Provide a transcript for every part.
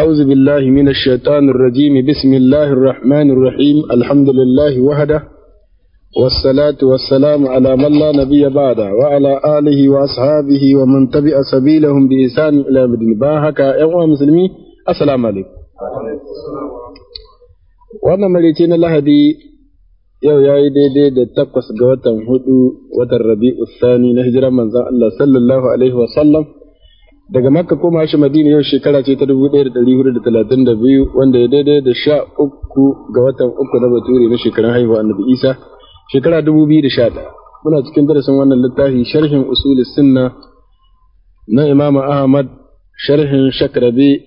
أعوذ بالله من الشيطان الرجيم بسم الله الرحمن الرحيم الحمد لله وحده والصلاة والسلام على من لا نبي بعده وعلى آله وأصحابه ومن تبع سبيلهم بإحسان إلى مدين باهك أيها مسلمي السلام عليكم wannan marici na lahadi yau ya yi daidai da takwas ga watan hudu watan rabi'u sani na hijirar manzan Allah sallallahu alaihi wasallam daga makka koma shi madina yau shekara ce ta 1432 wanda ya daidai da sha uku ga watan uku na bature na shekarun haihuwa annabi isa shekara 2011 muna cikin darasin wannan littafi sharhin usul sunna na imam ahmad sharhin shakrabi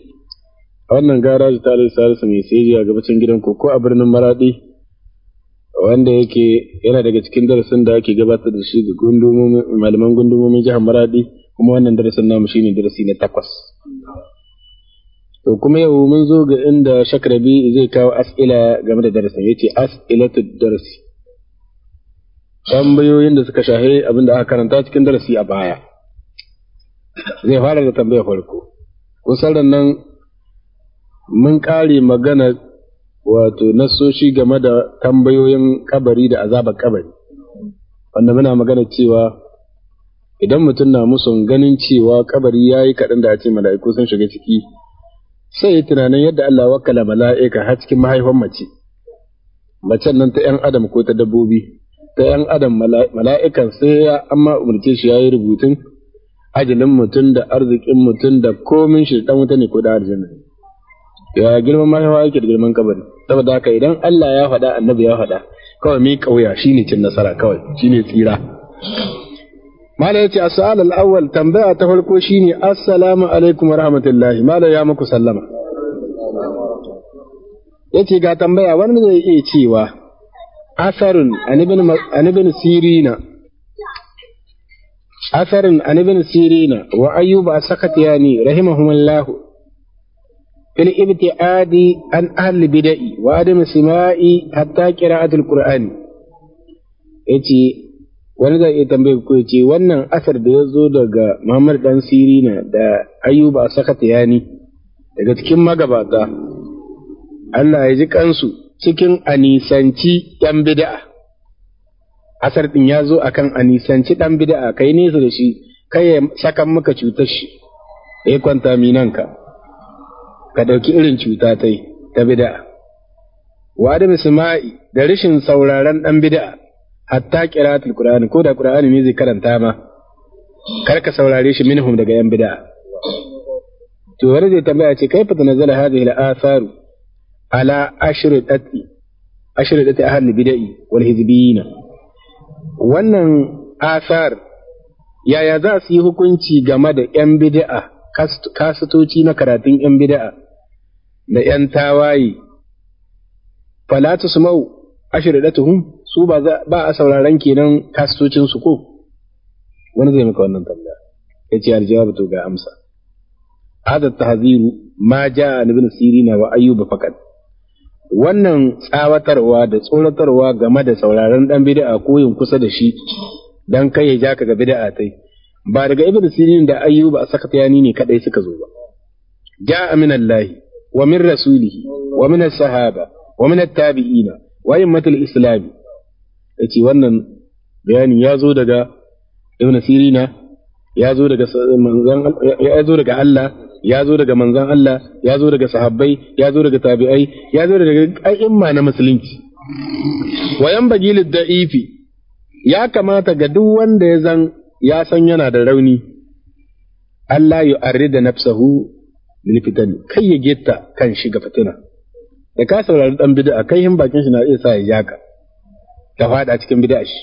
a wannan da ta alisa alisa mai sai a gabacin gidan koko a birnin maradi wanda yake yana daga cikin darasin da ake gabatar da shi ga malaman gundumomin jihar maradi kuma wannan darasin namu shine darasi na takwas to kuma yau mun zo ga inda shakarabi zai kawo as'ila game da darasin ya yace as'ilatu darasi tambayoyin da suka shahe abin da aka karanta cikin darasi a baya zai fara da tambayar farko kusan nan mun kare magana wato nasoshi game da tambayoyin kabari da azabar kabari wanda muna magana cewa idan mutum na musun ganin cewa kabari ya yi kaɗan da a ce mala'iku sun shiga ciki sai ya tunanin yadda Allah wakala mala'ika har cikin mahaifan mace macen nan ta 'yan adam ko ta dabbobi ta 'yan adam mala'ikan sai ya amma umarce shi ya yi rubutun ajalin mutum da arzikin mutum da komin shi dan wuta ne ko da aljanna ya girman mahaifa yake da girman kabari saboda haka idan Allah ya faɗa annabi ya faɗa kawai mi kauya shine cin nasara kawai shine tsira Malam yace as al-awwal tambaya ta farko shine assalamu alaikum wa rahmatullahi. mala ya muku sallama. Yace ga tambaya wani zai iya cewa asarun an ibn sirina asarun an ibn sirina wa ayyuba as-sakatiyani rahimahumullahu في الابتعاد عن أهل البدع وعدم kira حتى qurani ya ce. wani zai iya tambayar ku ce wannan asar da ya zo daga mamar dan Sirina da Ayuba Sakata yani daga cikin magabata Allah ya ji kansu cikin anisanci ɗan bid'a asar din ya zo akan anisanci dan bid'a kai nesa da shi kai ya sakan maka cutar shi eh kwanta minanka ka ɗauki irin cuta tai ta bid'a wa da da rashin sauraron ɗan bid'a hatta qira'atul qur'ani ko da qur'ani ne zai karanta ma kar ka saurare shi minhum daga yan bid'a to wani zai tambaya ce kai fata nazala hadhihi al-atharu ala ashridati ashridati ahli bid'i wal hizbiyina wannan asar yaya za su yi hukunci game da yan bid'a kasatoci na karatun yan bid'a da yan tawaye fala tusmau ashiradatuhum su ba ba a sauraron kenan kasitocin su ko wani zai maka wannan tambaya yace aljawabu to ga amsa hada tahziru ma jaa ibn sirina wa ayyuba faqat wannan tsawatarwa da tsoratarwa game da sauraron dan bid'a ko yin kusa da shi dan kai ya ja ka ga bid'a tai ba daga ibn sirin da ayyuba sakatiyani ne kadai suka zo ba jaa min allahi wa min rasulihi wa min sahaba wa min tabiina wa immatul islam ce wannan bayani ya zo daga ibn sirina ya zo daga manzon Allah ya zo daga Manzan Allah ya zo daga sahabbai ya zo daga tabi'ai ya zo daga a'imma na musulunci wa 'yan lid-da'ifi ya kamata ga duk wanda ya zan ya san yana da rauni Allah ya arida nafsahu lil fitan kai ya getta kan shi ga fitina da ka saurari dan bid'a kai hin bakin shi na iya sa ya yaka ka fada cikin bid'a shi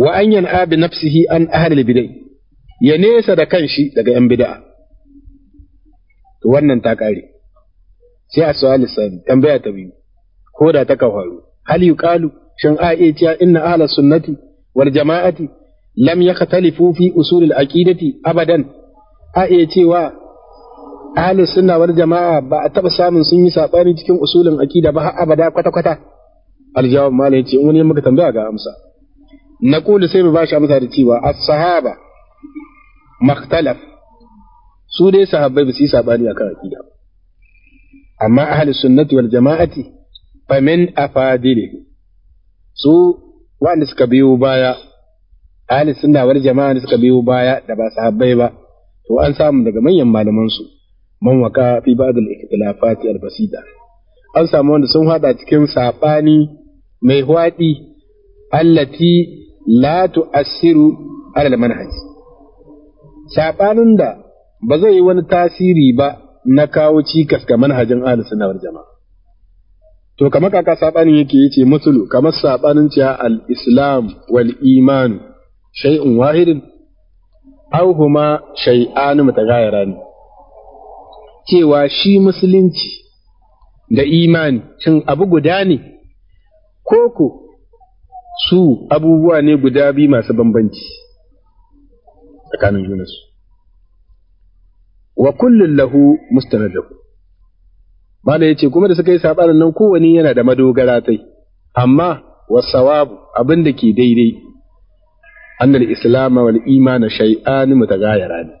wa an yan'a bi nafsihi an ahli bid'ah ya nesa da kanshi daga yan bid'a to wannan ta kare sai a su'ali sai tambaya ta biyu ko da ta kafaru hal yuqalu shin a iya cewa inna ahla sunnati wal jama'ati lam yakhtalifu fi usul al aqidati abadan a iya cewa ahli sunna wal jama'a ba a taba samun sun yi sabani cikin usulin akida ba har abada kwata kwata aljawab malai ce in wani muka tambaya ga amsa Na naqulu sai mu bashi amsa da cewa as-sahaba makhtalaf su dai sahabbai ba su yi sabani akan akida amma ahli sunnati wal jama'ati min afadili su wanda suka biyo baya ahli sunna wal jama'a da suka biyo baya da ba sahabbai ba to an samu daga manyan malaman su man waka fi ba'd al-ikhtilafat an samu wanda sun hada cikin sabani mai hwadi allati la tu'assiru ala al sabanin da ba zai yi wani tasiri ba na kawo cikas ga manhajin ahlus sunna jama'a to kamar kaka sabanin yake yace musulu kamar sabanin cewa al-islam wal iman shay'un wahidin aw huma shay'an mutaghayiran cewa shi musulunci da imani cin abu guda ne, koko su abubuwa ne guda biyu masu bambanci tsakanin su. Wa kullun lahu mustanadahu. Mala ya ce, kuma da suka yi saɓanin nan kowane yana da madogara tai, amma wasawabu abin da ke daidai, annal islama wal imani shay'ani mutagayara ne.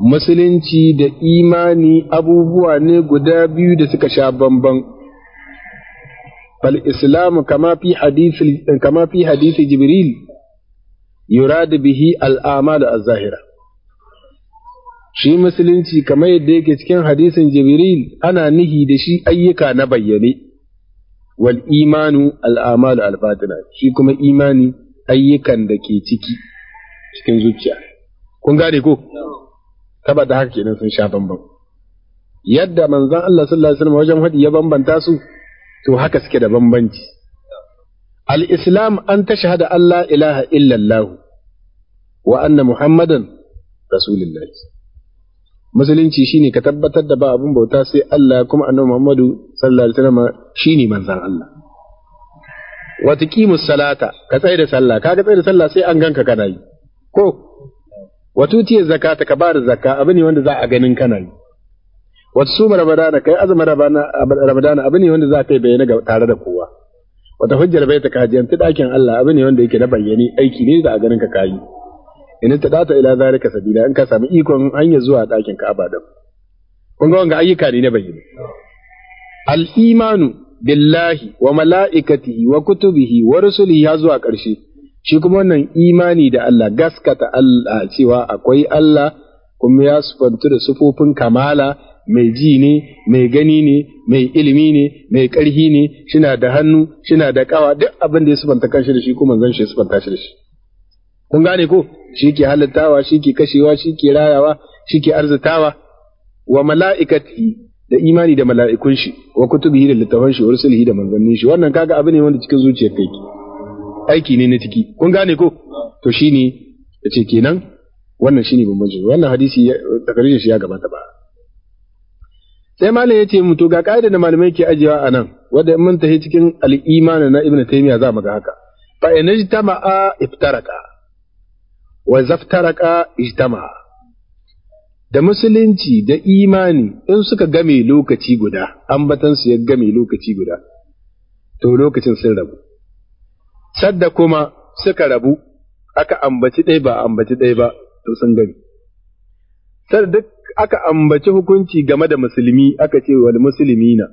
musulunci da imani abubuwa ne guda biyu da suka sha bamban فالإسلام كما في حديث كما في حديث جبريل يراد به shi musulunci kamar yadda yake cikin hadisin jibril ana nihi da shi ayyuka na bayyane wal imanu al'amalu albatina shi kuma imani ayyukan da ke ciki cikin zuciya kun gane ko da haka kenan sun sha bamban yadda manzon Allah sallallahu alaihi wasallam wajen hadi ya bambanta su to haka suke da bambanci al-islam an tashhada Allah ilaha illallah wa anna muhammadan rasulullahi musulunci shine ka tabbatar da ba abun bauta sai Allah kuma annabi Muhammadu sallallahu alaihi wasallam shine manzon Allah wa tuqimus salata ka tsaya da sallah kaga tsaya da sallah sai an ganka kana yi ko wa tutiyar zakata ka bada zakka abu ne wanda za a ganin kana ne wa suma ramadana kai azumin ramadana abu ne wanda za ka yi bayyana ga tare da kowa wata hujjar bai ta kajiyan ta dakin Allah abu ne wanda yake na bayyane aiki ne da a ganin ka kayi in ta data ila zalika sabila in ka samu ikon hanya zuwa dakin ka abadan kun ga wanga ayyuka ne na bayyane al imanu billahi wa mala'ikatihi wa kutubihi wa rusulihi ya zuwa ƙarshe shi kuma wannan imani da Allah gaskata Allah cewa akwai Allah kuma ya sufantu da sufofin kamala mai ji ne mai gani ne mai ilimi ne mai ƙarhi ne shina da hannu shina da ƙawa. duk abin da ya sufanta kanshi da shi kuma zan shi sufanta shi da shi kun gane ko shi ke halittawa shi ke kashewa shi ke rayawa shi ke arzitawa wa mala'ikati da imani da mala'ikun shi wa kutubihi da littafan shi wa rusulihi da manzannin shi wannan kaga abu ne wanda cikin zuciyar kai aiki ne na ciki kun gane ko to shine yace kenan wannan shine bambanci wannan hadisi takarijin shi ya gabata ba sai malam yace mu to ga kaida da malamai ke ajiyewa anan wanda mun tahi cikin al-iman na ibnu taymiya za mu ga haka fa inajtama'a iftaraka wa zaftaraka ijtama'a da musulunci da imani in suka game lokaci guda ambatansu ya game lokaci guda to lokacin sun rabu sadda kuma suka rabu aka ambaci ɗaya ba ambaci ɗaya ba to sun gani sadda duk aka ambaci hukunci game da musulmi aka ce wal na,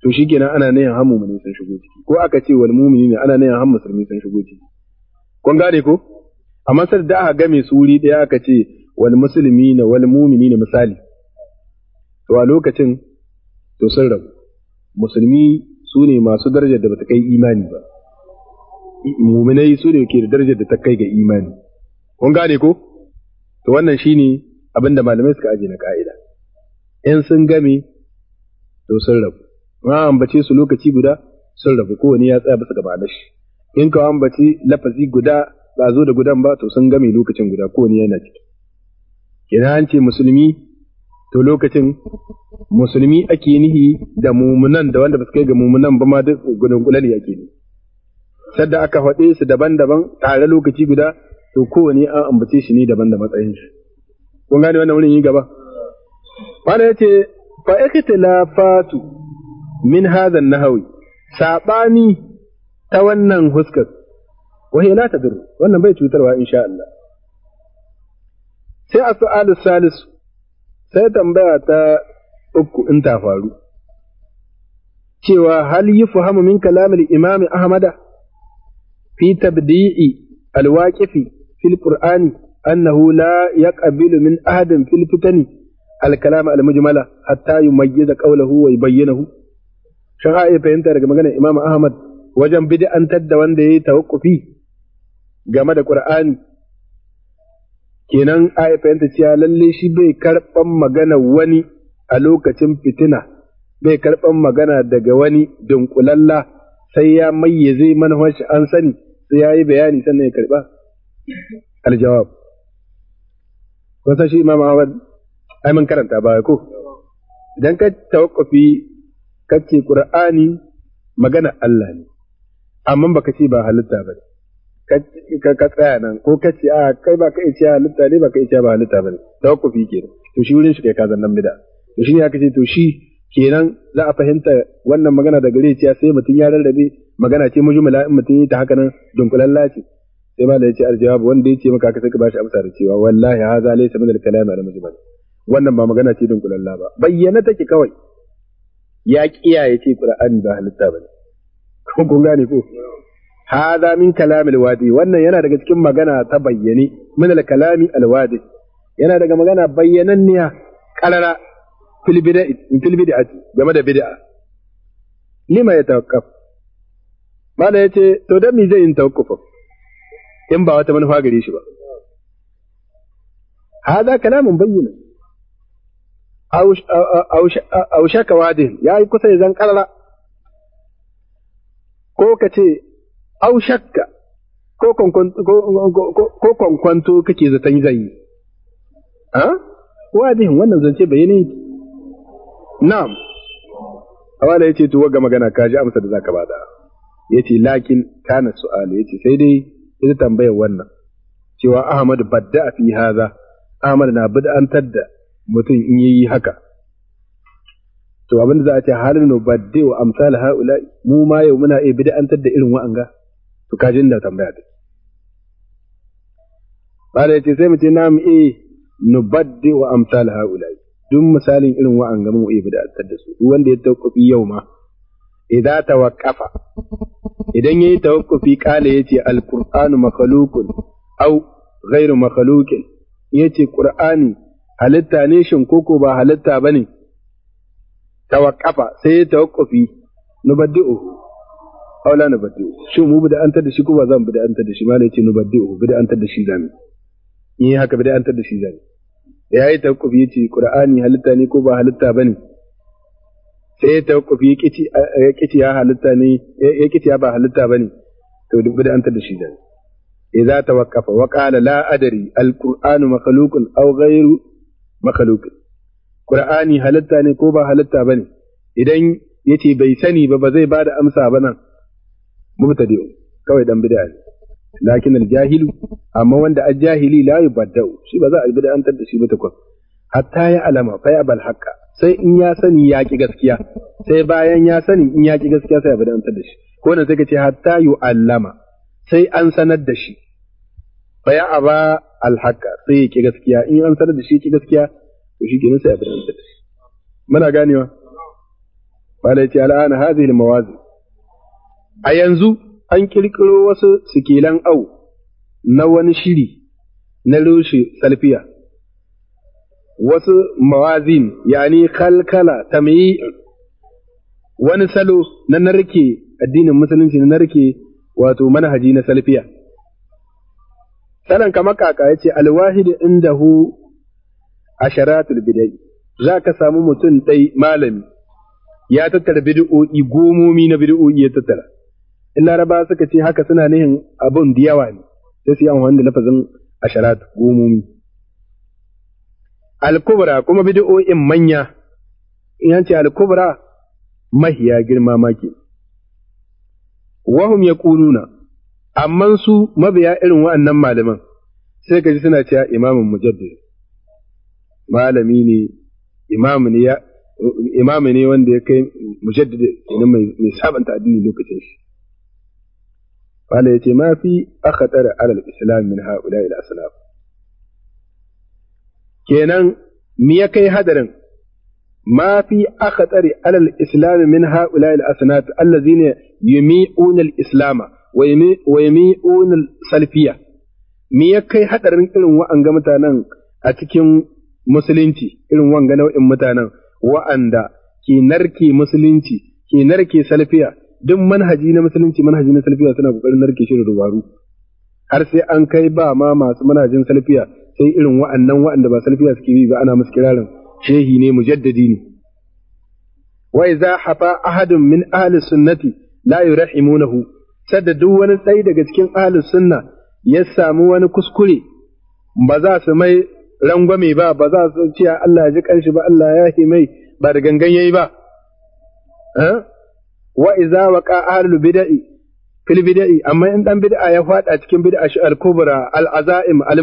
to shikenan ana nayin han mu'mini sun shigo ciki ko aka ce wal mu'minina ana nayin han musulmi sun shigo ciki kun gane ko amma da aka game su wuri ɗaya aka ce wal na, wal mu'minina misali to a lokacin to sun rabu musulmi su ne masu darajar da bata kai imani ba muminai su ne ke da darajar da ta kai ga imani kun gane ko to wannan ne abin da malamai suka aje na ka'ida in sun game to sun rabu ma ambace su lokaci guda sun rabu kowane ya tsaya bisa gaba na shi in kawo ambace lafazi guda ba zo da gudan ba to sun game lokacin guda kowane yana ciki idan an ce musulmi to lokacin musulmi ake nihi da mumunan da wanda ba su kai ga mumunan ba ma duk gudungulan ya ke nihi sadda aka faɗe su daban-daban tare lokaci guda to kowane an ambace shi ne daban da matsayin shi kun gane wannan wurin yi gaba wanda yace la fatu min hazan na hawi. saɓani ta wannan huskar wahi la duru, wannan bai cutarwa insha Allah sai su sual Salisu sai tambaya ta uku in ta faru cewa hal yufhamu min kalamil imami ahmada في تبديع الواقف في القرآن أنه لا يقبل من أحد في الفتن الكلام المجملة حتى يميز قوله ويبينه shaka iya fahimta daga maganar Imam Ahmad wajen bid'antar da wanda ya yi tawakkufi game da Ƙur'ani? kenan aya fahimta cewa lallai shi bai karɓan magana wani a lokacin fitina bai karɓan magana daga wani dunkulalla sai ya mayyaze manhaji an sani sai ya yi bayani sannan ya karɓa aljawab kun san shi imam ahmad ai mun karanta ba ko idan ka tawakkufi ka ce qur'ani magana Allah ne amma baka ce ba halitta ba ka ka tsaya nan ko ka ce a ah, kai ba ka iya halitta ne ba ka iya ba halitta ba ne tawakkufi kenan to shi wurin shi kai kazan nan bid'a to shi ne aka ce to shi kenan za a fahimta wannan magana da gare ciya sai mutum ya rarrabe magana ce mujmala la'in mutum ta haka nan dunkulalla ce sai malai ce aljawab wanda ya ce maka ka sai bashi amsa da cewa wallahi haza laysa min al-kalami ala mujmal wannan ba magana ce dunkulalla ba bayyana take kawai ya kiya ce qur'ani ba halitta bane ko kun gane ko haza min kalami al-wadi wannan yana daga cikin magana ta bayyane min al-kalami al-wadi yana daga magana bayyananniya karara fil bid'ati game da bid'a lima tawakkafu mala ya ce to don me zai yin tawakkufin in ba wata manufa gare shi ba Ha hada kalamin bayyana ka shaka ya yi kusa ya zan karara ko ka ce aw ko kwankwanto kake zaton zai yi ha wadihin wannan zance bayani na'am awala ce to ga magana kaji amsa da za ka ba da. ce lakin kana su'ala ce sai dai ita tambayar wannan cewa Ahmad badda fi haza Ahmad na bid'antar da mutum in yi haka to abinda za a ce halin no badde wa amsal haula mu ma yau muna iya bid'antar da irin wa'anga to kaji inda tambaya ta ya ce sai mu ce na mu eh badde wa amsal haula duk misalin irin wa'anga mu iya bid'antar da su duk wanda ya tauƙafi yau ma idza tawaqqafa idan yayi tawakkufi kala yace alqur'anu makhluqun au ghayru makhluqin yace qur'ani halitta ne shin koko ba halitta bane tawaqqafa sai tawakkufi nubaddu aw la nubaddi'u shi mu bi da antar da shi ko ba zan bi da antar da shi ma yace nubaddu bi da antar da shi zamu ni haka bi da antar da shi zamu da yayi tawakkufi yace qur'ani halitta ne ko ba halitta bane sai ya tawakkufi ya kici ya halitta ne ya kici ya ba halitta bane to duk da anta da shi da idza tawaqqafa wa qala la adri alqur'anu makhluqun aw ghayru makhluqin qur'ani halitta ne ko ba halitta ba ne? idan yace bai sani ba ba zai bada amsa ba nan mubtadi kawai dan bid'a ne lakin aljahilu amma wanda ajahili la yubadda'u shi ba za a bid'antar da shi ba takwas hatta ya alama fa ya bal haqqa sai in ya sani ya ki gaskiya sai bayan ya sani in ya ki gaskiya sai ya bada da shi ko nan sai ka ce hatta yu alama, sai an sanar da shi fa ya aba al haqqa sai ya ki gaskiya in an sanar da shi ki gaskiya to shi ke sai ya bada da shi muna ganewa wala yace al'ana hadhihi al mawazin a yanzu an kirkiro wasu sikilan au na wani shiri na rushe salfiya wasu mawazin yani kalkala tamyi wani salo na narke addinin musulunci na narke wato manhaji na salfiya sanan kamar kaka yace alwahid indahu asharatul bidai za ka samu mutum ɗai malami ya tattara bid'o'i gomomi na bid'o'i ya tattara in laraba suka ce haka suna nihin abun da yawa ne sai su yi amfani da lafazin asharat gomomi alkubra kuma bid'o'in manya in an alkubra mahiya girma maki wahum yaquluna amma su mabiya irin wa'annan malaman sai kaji suna cewa imamin mujaddid malami ne imamu ne wanda ya kai mujaddid ne mai sabanta addini lokacin shi Bala ya ce ma fi akhatar alal islam min ha'ula ila kenan mi ya kai hadarin ma fi tsari alal islam min haula al asnat allazina yumi'una al islama wa yumi'una al salfiya Mi ya kai hadarin irin wa'anga mutanen a cikin musulunci irin wanga nau'in mutanen wa'anda ke narke musulunci ke narke salfiya duk manhaji na musulunci manhaji na salfiya suna kokarin narke shi da dubaru har sai an kai ba ma masu manhajin salfiya sai irin wa'annan wa'anda ba salfiya suke bi ba ana musu kirarin shehi ne mujaddadi ne wa idza hafa ahadun min ahli sunnati la rahimunahu sadda duk wani tsayi daga cikin ahli sunna ya samu wani kuskure ba za su mai rangwame ba ba za su ce Allah ya ji kanshi ba Allah ya yi mai ba da gangan yayi ba eh? wa idza waqa ahli fil bida'i amma in dan bida'a ya fada cikin bid'a shi al-kubra al-azaim al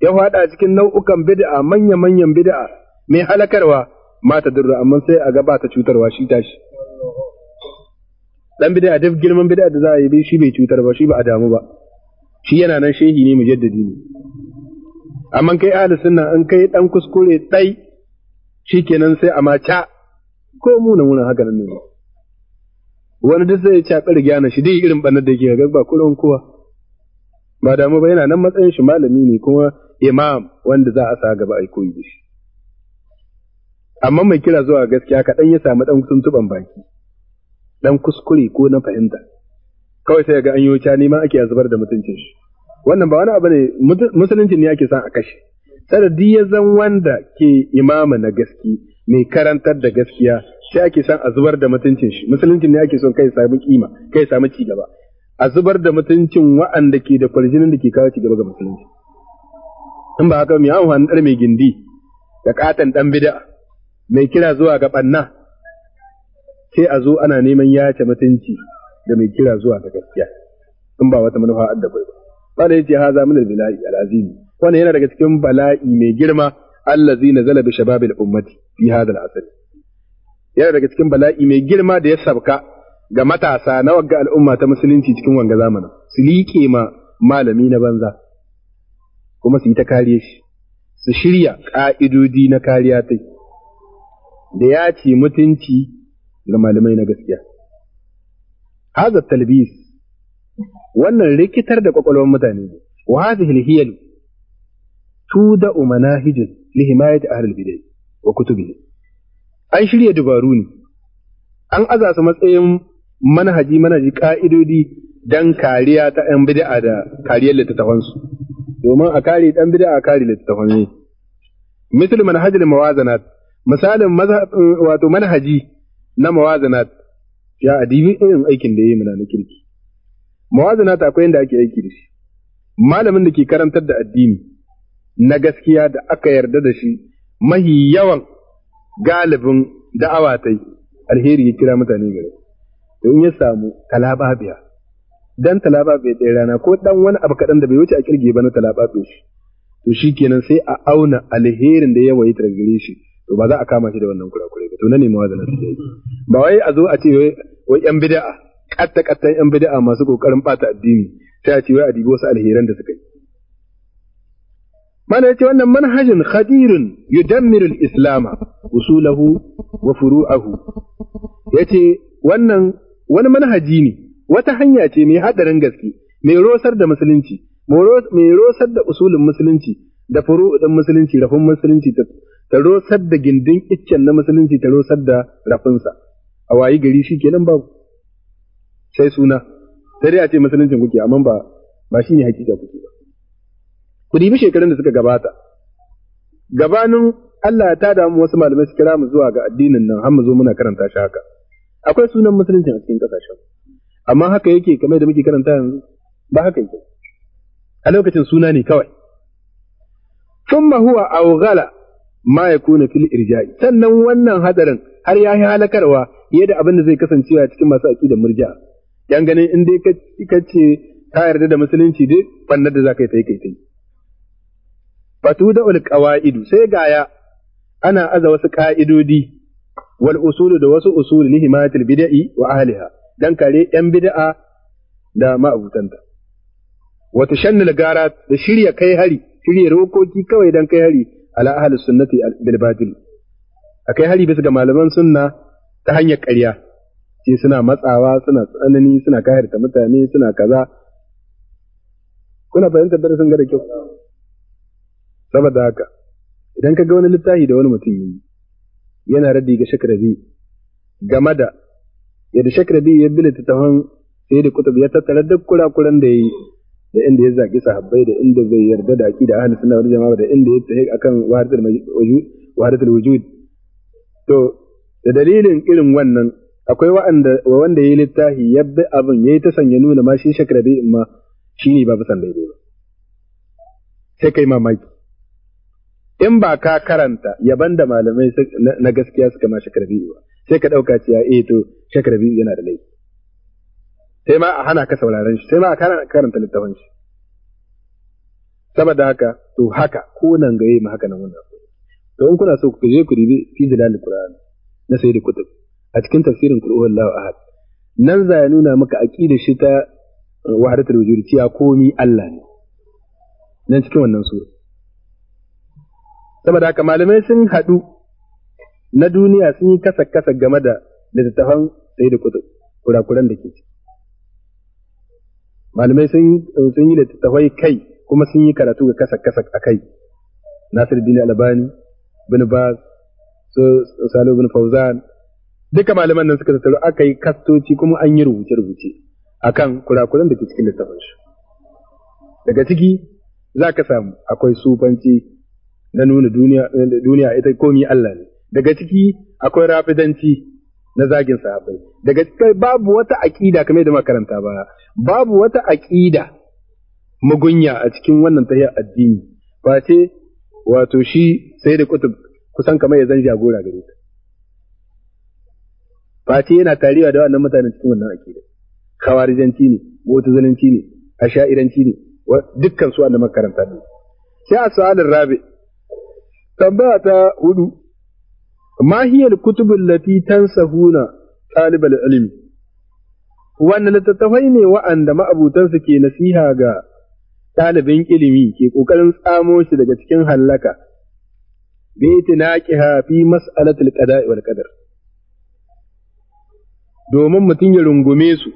ya faɗa cikin nau'ukan bid'a manya-manyan bid'a mai halakarwa mata durra amma sai a gaba ta cutarwa shi tashi dan bid'a duk girman bid'a da za a yi shi bai cutar ba shi ba a damu ba shi yana nan shehi ne mujaddidi ne amma kai ahli sunna in kai dan kuskure dai shikenan sai a maca ko na muna haka nan ne wani duk zai ci a na shi dai irin bannar da yake ga ba kullun kowa ba damu ba yana nan matsayin shi malami ne kuma imam wanda za a sa gaba a koyi da shi amma mai kira zuwa gaskiya kaɗan ya samu ɗan tuntuɓan baki ɗan kuskure ko na fahimta kawai sai ga an yi wuce neman ake zubar da mutuncin shi wannan ba wani abu ne musulunci ne ake son a kashe saradi ya zan wanda ke imama na gaske mai karantar da gaskiya sai ake son a zubar da mutuncin shi musulunci ne ake son kai samu kima kai samu ci gaba a zubar da mutuncin wa'anda ke da kwarjinin da ke kawo ci gaba ga musulunci in ba haka mai amfani ɗar mai gindi da ƙaton ɗan bida mai kira zuwa ga ɓanna sai a zo ana neman yace mutunci da mai kira zuwa ga gaskiya in ba wata manufa adda bai ba wanda yace haza min al-bala'i al-azim wannan yana daga cikin bala'i mai girma allazi nazala bi shababil ummati fi hadha al yana daga cikin bala'i mai girma da ya sabka ga matasa na wagga al'umma ta musulunci cikin wanga zamanin su liƙe ma malami na banza kuma su yi ta kariya shi su shirya ƙa'idodi na kariya ta da ya ce mutunci ga malamai na gaskiya. Haza talbis wannan rikitar da ƙwaƙwalwar mutane ne, wa hazihil hiyalu tuda umanahijin li himayat ahal bidai wa kutubi. An shirya dubaru ne, an aza su matsayin manhaji manhaji ƙa'idodi don kariya ta ‘yan bid'a da kariyar littattafansu. domin a kare dan bid'a a kare littafin ne misal manhajin mawazanat misalin wato manhaji na mawazanat ya adibi irin aikin da yayi mana na kirki mawazanat akwai inda ake aiki da shi malamin da ke karantar da addini na gaskiya da aka yarda da shi mahi yawan galibin da'awa ta alheri ya kira mutane gare to in ya samu kalababiya dan talaba bai ɗaya rana ko dan wani abu kaɗan da bai wuce a kirge ba na talaba bai shi to shi kenan sai a auna alherin da ya wayi targare shi to ba za a kama shi da wannan kurakure ba to na nema wazana ba wai a zo a ce wai yan bid'a katta ƙattan yan bid'a masu kokarin bata addini sai a ce wai a dibi wasu alheran da suka yi mana yace wannan manhajin khadirun yudammiru islama usulahu wa furu'ahu yace wannan wani manhaji ne wata hanya ce mai haɗarin gaske mai rosar da musulunci mai rosar da usulin musulunci da furu'udin musulunci rafin musulunci ta rosar da gindin iccen na musulunci ta rosar da rafinsa a wayi gari shi kenan babu sai suna sai dai a ce musuluncin kuke amma ba ba ne hakika kuke ba ku dibi shekarun da suka gabata gabanin Allah ta damu wasu malamai su kira mu zuwa ga addinin nan har mu zo muna karanta shi haka akwai sunan musuluncin a cikin kasashen amma haka yake kamar da muke karanta yanzu ba haka yake a lokacin suna ne kawai thumma huwa awghala ma yakuna fil irja'i sannan wannan hadarin har yayi halakarwa yadda abin da zai a cikin masu aqida murja yan ganin in dai ka ce ka yarda da musulunci dai bannar da zaka yi tai kai tai fatu da ul qawaidu sai gaya ana aza wasu ka'idodi wal usulu da wasu usulu na himayatil bid'i wa ahliha dan kare ‘yan bid'a da ma'abutanta. Wata shannil gara da shirya kai hari, shirya rokoki kawai dan kai hari ala ahalus sunnati bil A kai hari bisa ga malaman sunna ta hanyar ƙarya. Sai suna matsawa, suna tsanani, suna kahirta mutane, suna kaza. Kuna fahimtar darasin ga da kyau. Saboda haka, idan ka ga wani littafi da wani mutum yi, yana raddi ga shakarabi game da yadda biyu ya ta hon sai da kutub ya tattara duk kurakuran da ya yi da inda ya zaki sahabbai da inda bai yarda da da ahli sunna wal jama'a da inda ya tsaye akan wahdatul wujud wahdatul wujud to da dalilin irin wannan akwai wa'anda wanda yayi littafi ya bi abin yayi ta sanya nuna ma shi shakira in ma shine babu san daidai ba sai kai mamaki in ba ka karanta yaban da malamai na gaskiya suka ma biyu ba sai ka dauka cewa eh to shekara biyu yana da laifi sai ma a hana ka sauraren shi sai ma a karanta littafin shi saboda haka to haka ko nan gaye ma haka nan wannan to in kuna so ku je ku ribi fi dalil qur'an na sayyidul kutub a cikin tafsirin Qur'an huwallahu ahad nan za ya nuna maka aqida shi ta wahdatul wujud cewa komi Allah ne nan cikin wannan sura saboda haka malamai sun haɗu na duniya sun yi kasa kasa game da littattafan sai da kurakuran da ke ciki malamai sun yi littattafai kai kuma sun yi karatu ga kasa kasa a kai Nasir Dini Albani bin Baz su Salo bin Fauzan duka malaman nan suka tattaru aka yi kastoci kuma an yi rubuce rubuce akan kurakuran da ke cikin littafin shi daga ciki za ka samu akwai sufanci na nuna duniya ita komi Allah ne daga ciki akwai rafidanci na zagin sahabbai daga cikin babu wata aqida kamar da makaranta ba babu wata aqida mugunya a cikin wannan tahiyar addini ba ce wato shi sai da kutub kusan kamar ya zan jagora gare ta ba ce yana tarewa da wannan mutanen cikin wannan aqida kawarijanci ne zalunci ne asha'iranci ne dukkan su annabi makaranta ne sai a sa'adar rabi tambaya ta hudu ma hiya al-kutub allati tansahuna talib al-ilm wannan littattafai ne wa'anda ma'abutansu ke nasiha ga ɗalibin ilimi ke ƙoƙarin tsamo shi daga cikin hallaka bi itinaqiha fi mas'alatil qada'i wal qadar domin mutum ya rungume su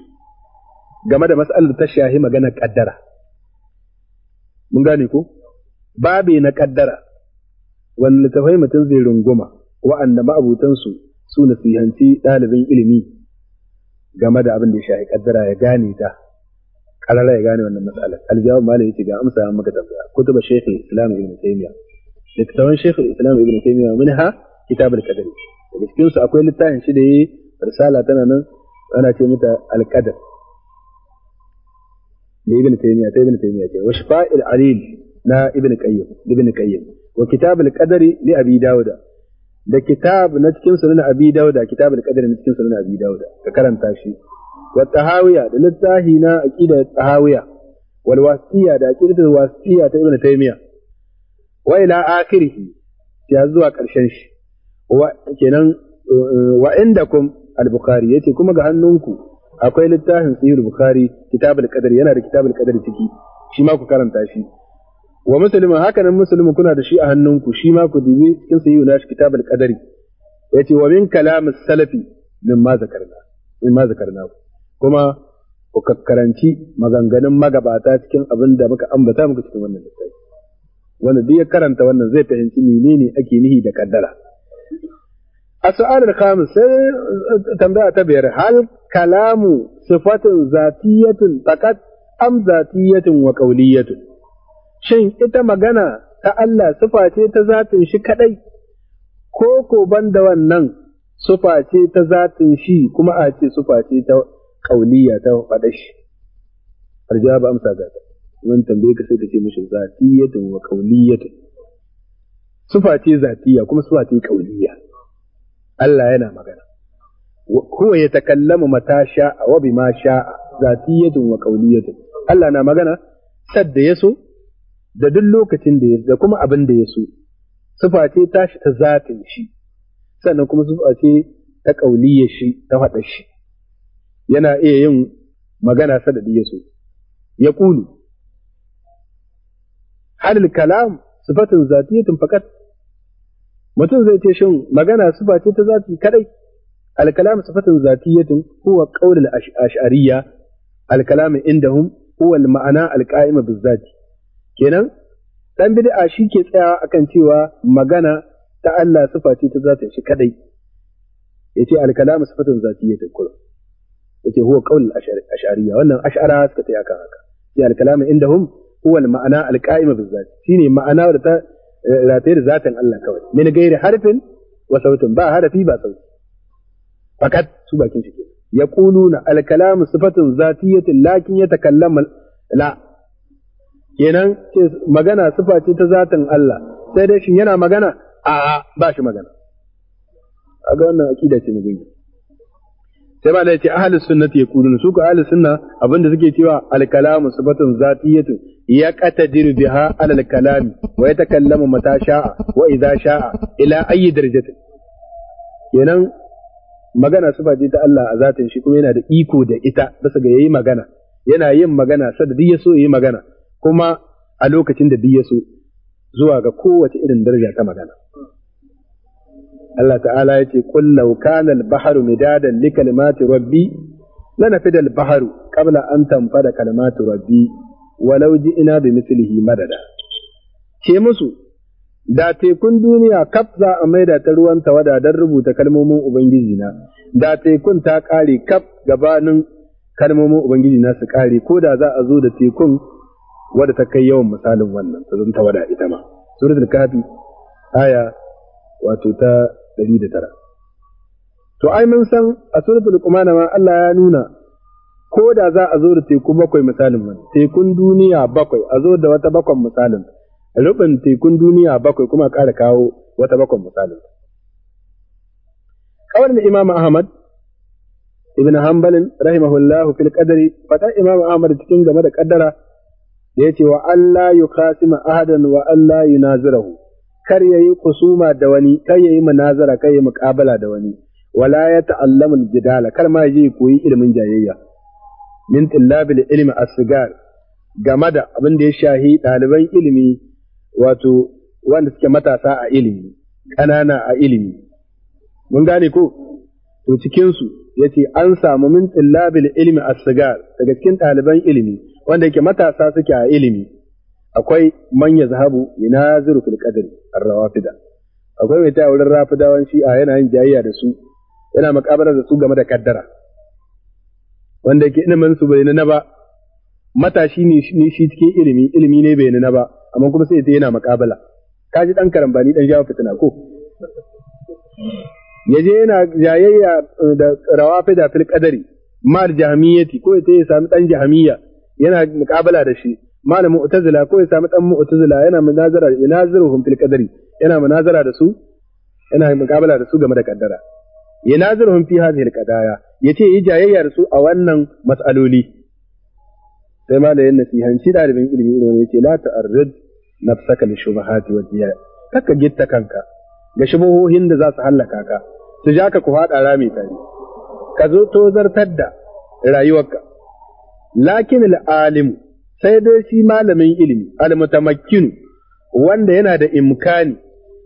game da mas'alar ta shahi magana kaddara mun gane ko babe na kaddara wanda tafai mutum zai runguma wa'anda ma'abutansu su nasihanci ɗalibin ilimi game da abin da ya shafi kaddara ya gane ta karara ya gane wannan matsalar aljawab malam yace ga amsa an maka tambaya kutuba shaykh al-islam ibn taymiya littafin shaykh al-islam ibn taymiya minha kitab al-qadar daga cikin su akwai littafin shi da yayi risala tana nan ana ce mata al-qadar da ibn taymiya ta ibn taymiya ce wa shifa'il alil na ibn qayyim ibn qayyim wa kitab al-qadari li abi dawuda da kitab na cikin sunan abi dauda kitabul al-qadr na cikin sunan abi dauda ka karanta shi wa tahawiya da littahi na aqida tahawiya wal wasiya da aqida wasiya ta ibnu taymiya wa ila akhirih ya zuwa karshen shi wa kenan wa indakum al-bukhari yace kuma ga hannunku akwai littafin sahih bukhari kitabul al-qadr yana da kitabul al-qadr ciki shi ma ku karanta shi wa musulmin hakanan musulmin kuna da shi a hannunku shi ma ku dibi cikin sahihu na kitab al-qadari yace wa min kalam salafi mimma zakarna mimma zakarna kuma ku kakkaranci maganganun magabata cikin abin da muka ambata muka cikin wannan littafi wanda duk ya karanta wannan zai fahimci menene ake nihi da kaddara السؤال الخامس تنبأ تبير هل كلام صفة ذاتية فقط أم ذاتية وقولية؟ shin ita magana ta Allah sufa ce ta zatin shi kaɗai, ko ko ban da wannan sufa ce ta zatin shi kuma a ce sufa ce ta ƙauliya ta faɗa shi. Arja ba amsa gata, wani tambaye ka sai ka ce mishi zatiyatun wa ƙauliyatun. Sufa ce zatiya kuma sufa ce ƙauliya. Allah yana magana. Huwa ya takallama mata sha'a wa ma sha'a zatiyatun wa ƙauliyatun. Allah na magana sadda ya so da duk lokacin da ya da kuma abin da ya so sufa ce tashi ta zatin shi sannan kuma sufa ce ta kauliyar shi ta faɗar shi yana iya yin magana sadadi ya so ya kulu halil kalam sifatin zatiyatun fakat mutum zai ce shin magana sufa ce ta zati kadai الكلام صفة ذاتية هو قول الأشعرية الكلام عندهم هو المعنى القائم بالذات kenan dan bid'a shi ke tsayawa akan cewa magana ta Allah sifa ce ta zata shi kadai Ya ce yace al-kalamu sifatun zatiyyatun kullum yace huwa qaul ash'ariyya wannan ash'ara suka tsaya kan haka ya al-kalamu indahum huwa al-ma'ana al-qa'ima bizat shine ma'ana da ta eh, rataye da zatin Allah kawai min gairi harfin wa sautin ba harafi ba sauti fakat su bakin shi ke yaquluna al-kalamu sifatun zatiyyatun lakin yatakallamu la kenan magana sufa ce ta zatin Allah sai dai shin yana magana a ba shi magana a ga wannan aƙida ce mugun sai malai ce ahli sunnati kudu su ka ahli sunna abinda suke cewa al kalamu sifatun zatiyatu ya qatadir biha al kalami wa yatakallamu mata sha'a wa idza sha'a ila ayi darajatin kenan magana sifa ce ta Allah a zatin shi kuma yana da iko da ita bisa ga yayi magana yana yin magana sadadi duk yaso yayi magana kuma a lokacin da duk ya so zuwa ga kowace irin daraja ta magana Allah ta'ala ya ce qul law baharu al-bahru midadan li kalimati rabbi lanafida al baharu kabla an tanfada kalimatu rabbi walau ina bi mislihi madada Ke musu da tekun duniya kaf za a maida ta ruwan tawada don rubuta kalmomin ubangiji na da tekun ta kare kaf gabanin kalmomin ubangiji na su kare ko da za a zo da tekun wadda ta kai yawan misalin wannan ta zanta wada ita ma al-kahfi aya wato ta 109 to ai mun san a al qumana ma Allah ya nuna ko da za a zo da teku bakwai misalin wani tekun duniya bakwai a zo da wata bakwan misalin rubin tekun duniya bakwai kuma ƙara kawo wata bakwan misalin kawar imam ahmad ibn hanbalin rahimahullahu fil qadari fata imam ahmad cikin game da qaddara da yace wa Allah kasima ahadan wa Allah nazirahu, kar yayi kusuma da wani kar yayi munazara kar yayi muqabala da wani wala ya ta'allamu al-jidala kar ma yaje koyi ilimin jayayya min tillabil ilmi as-sigar game da abin da ya shahi ɗaliban ilimi wato wanda suke matasa a ilimi ƙanana a ilimi mun gane ko to cikin su yace an samu min tillabil ilmi a sigar daga cikin ɗaliban ilimi wanda yake matasa suke a ilimi akwai man ina zuru fil qadri ar-rawafida akwai mai ta wurin rafidawan a yana yin jayayya da su yana makabarar da su game da kaddara wanda yake ilimin su bai na ba matashi ne shi cikin ilimi ilimi ne bai na ba amma kuma sai yana makabala ka ji dan karambani dan jawo fitina ko yaje yana jayayya eh, da rawafida fil qadri mar jahmiyati ko ita ya sami dan jahmiyya yana muƙabala da shi malamin mu'tazila ko ya sami dan mu'tazila yana munazara yanaziruhum fil qadari yana munazara da su yana muƙabala da su game da kaddara yanaziruhum fi hadhihi al qadaya yace yi jayayya da su a wannan mas'aloli sai shi nasihanci dalibin ilimi ne yace la ta'arrid nafsaka li shubahati wa diya kaka gitta kanka ga shubuhohin da za su hallaka ka su ja ka ku fada rami tare ka zo zartar da rayuwarka lakin al'alim sai dai shi malamin ilimi almutamakkinu wanda yana da imkani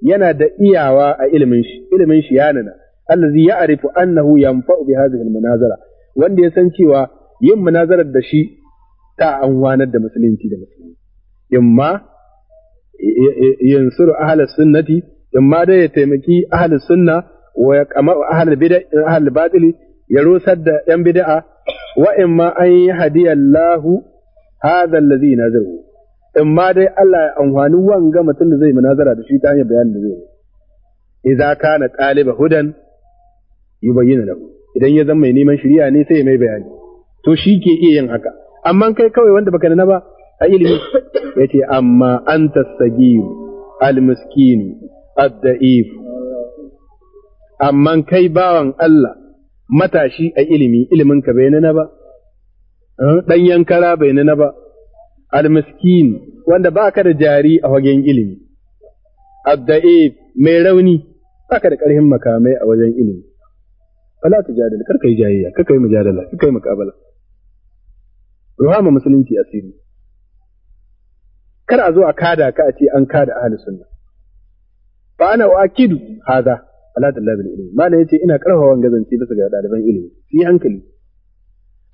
yana da iyawa a ilimin shi ilimin shi yanana allazi ya arifu annahu yanfa'u bi hadhihi munazara. wanda ya san cewa yin munazarar da shi ta anwanar da musulunci da musulmi imma yansuru ahli sunnati imma da ya taimaki ahli sunna wa ya kama ahlul bid'a ahlul batili ya rusar da ‘yan bida'a, wa in ma an yi lahu hadiyallahu hadha na zai in ma dai Allah ya amfani wanga mutum da zai munazara da shi ta hanyar bayanin da zai yi ka na ƙaliba hudan yi da lahu idan ya zama mai neman shirya ne sai ya mai bayani to shi ke iya yin haka amma kai kawai wanda baka nana ba a ilimi yace amma an al amma kai bawan Allah matashi a ilimi ilimin ka bai nuna ba dan yankara bai nuna ba almaskin wanda baka da jari a wajen ilimi abda'e mai rauni baka da ƙarfin makamai a wajen ilimi fala jadala kar yi jayayya kar kai mujadala kar kai muqabala ruhama musulunci asiri kar a zo a kada ka a ce an kada ahli sunna fa ana kidu haza. ala talabil ilmi malam yace ina karfafa wannan zance bisa ga daliban ilimi fi hankali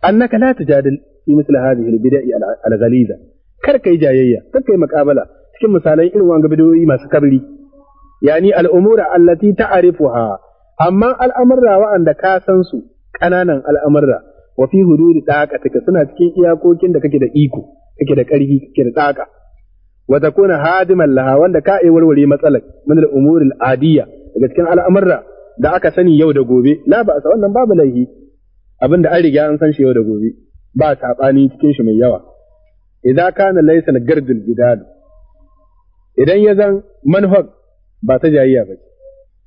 annaka la tujadil fi misli hadhihi al alghaliza kar kai jayayya kar kai muqabala cikin misalan irin wanga bidoyi masu kabri yani al'umura allati ta'rifuha amma al'amurra wa'anda ka san su kananan al'amurra wa fi hududi daqatika suna cikin iyakokin da kake da iko kake da ƙarfi kake da daka. wa takuna hadiman laha wanda ka ai warware matsalar min al'umuri adiyya. daga cikin al'amurra da aka sani yau da gobe la ba sa wannan babu laihi abin da an riga an san shi yau da gobe ba saɓani cikin shi mai yawa idan kana na gardul jidal idan ya zan manhaj ba ta jayayya ba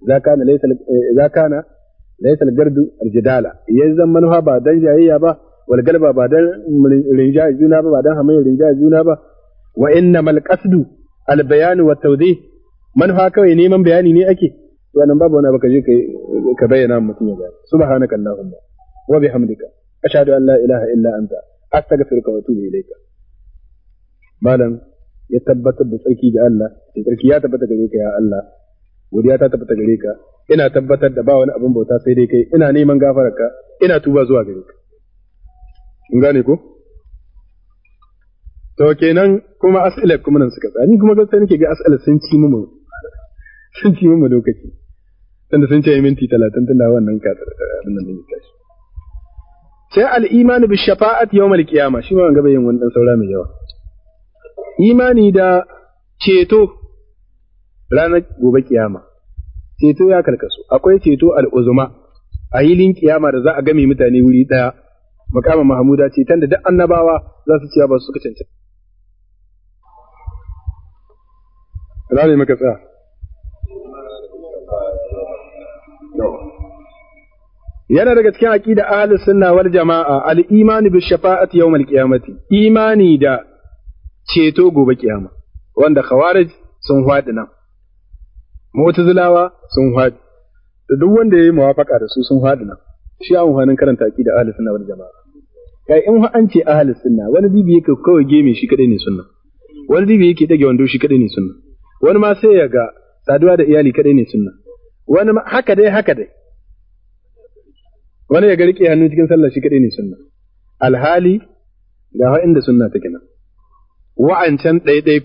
idan kana laisa idan kana na gardu aljidala ya zan manhaj ba dan jayayya ba wal galba ba dan rinja juna ba ba dan hamayya rinja juna ba wa innamal qasdu al bayan wa tawdih manhaj kawai neman bayani ne ake wannan babu wani abu ka je ka bayyana mutum ya gane subhanaka allahumma wa bihamdika ashhadu an la ilaha illa anta astaghfiruka wa atubu ilayka malam ya tabbatar da tsarki ga Allah da tsarki ya tabbata gare ka ya Allah godiya ta tabbata gare ka ina tabbatar da ba wani abin bauta sai dai kai ina neman gafararka ina tuba zuwa gare ka in gane ko to kenan kuma as'alar kuma nan suka tsani kuma gaskiya nake ga as'alar sun ci mu sun ci mu lokaci tunda sun ce minti talatin tunda wannan ka abin nan ne tashi sai al'imani bi shafa'at yawmal kiyama shi ma gaba yin wannan saura mai yawa imani da ceto ranar gobe kiyama ceto ya karkasu akwai ceto al'uzuma a yilin kiyama da za a game mutane wuri ɗaya makama mahamuda ceton da duk annabawa za su ciya ba su suka cancanta. Rale maka tsaya. yana daga cikin aqida ahlus sunna wal jama'a al imani bi shafa'ati yawm al qiyamati imani da ceto gobe kiyama wanda khawarij sun hwadi nan mu'tazilawa sun hwadi da duk wanda yayi muwafaka da su sun hwadi nan shi an wannan karanta aqida ahlus sunna wal jama'a kai in an ce ahlus sunna wani bibi yake kawai geme shi kadai ne sunna wani bibi yake dage wando shi kadai ne sunna wani ma sai ya ga saduwa da iyali kadai ne sunna wani haka dai haka dai wani ya garke hannu cikin sallah shi kadai ne sunna alhali ga wa inda sunna take nan wa'ancan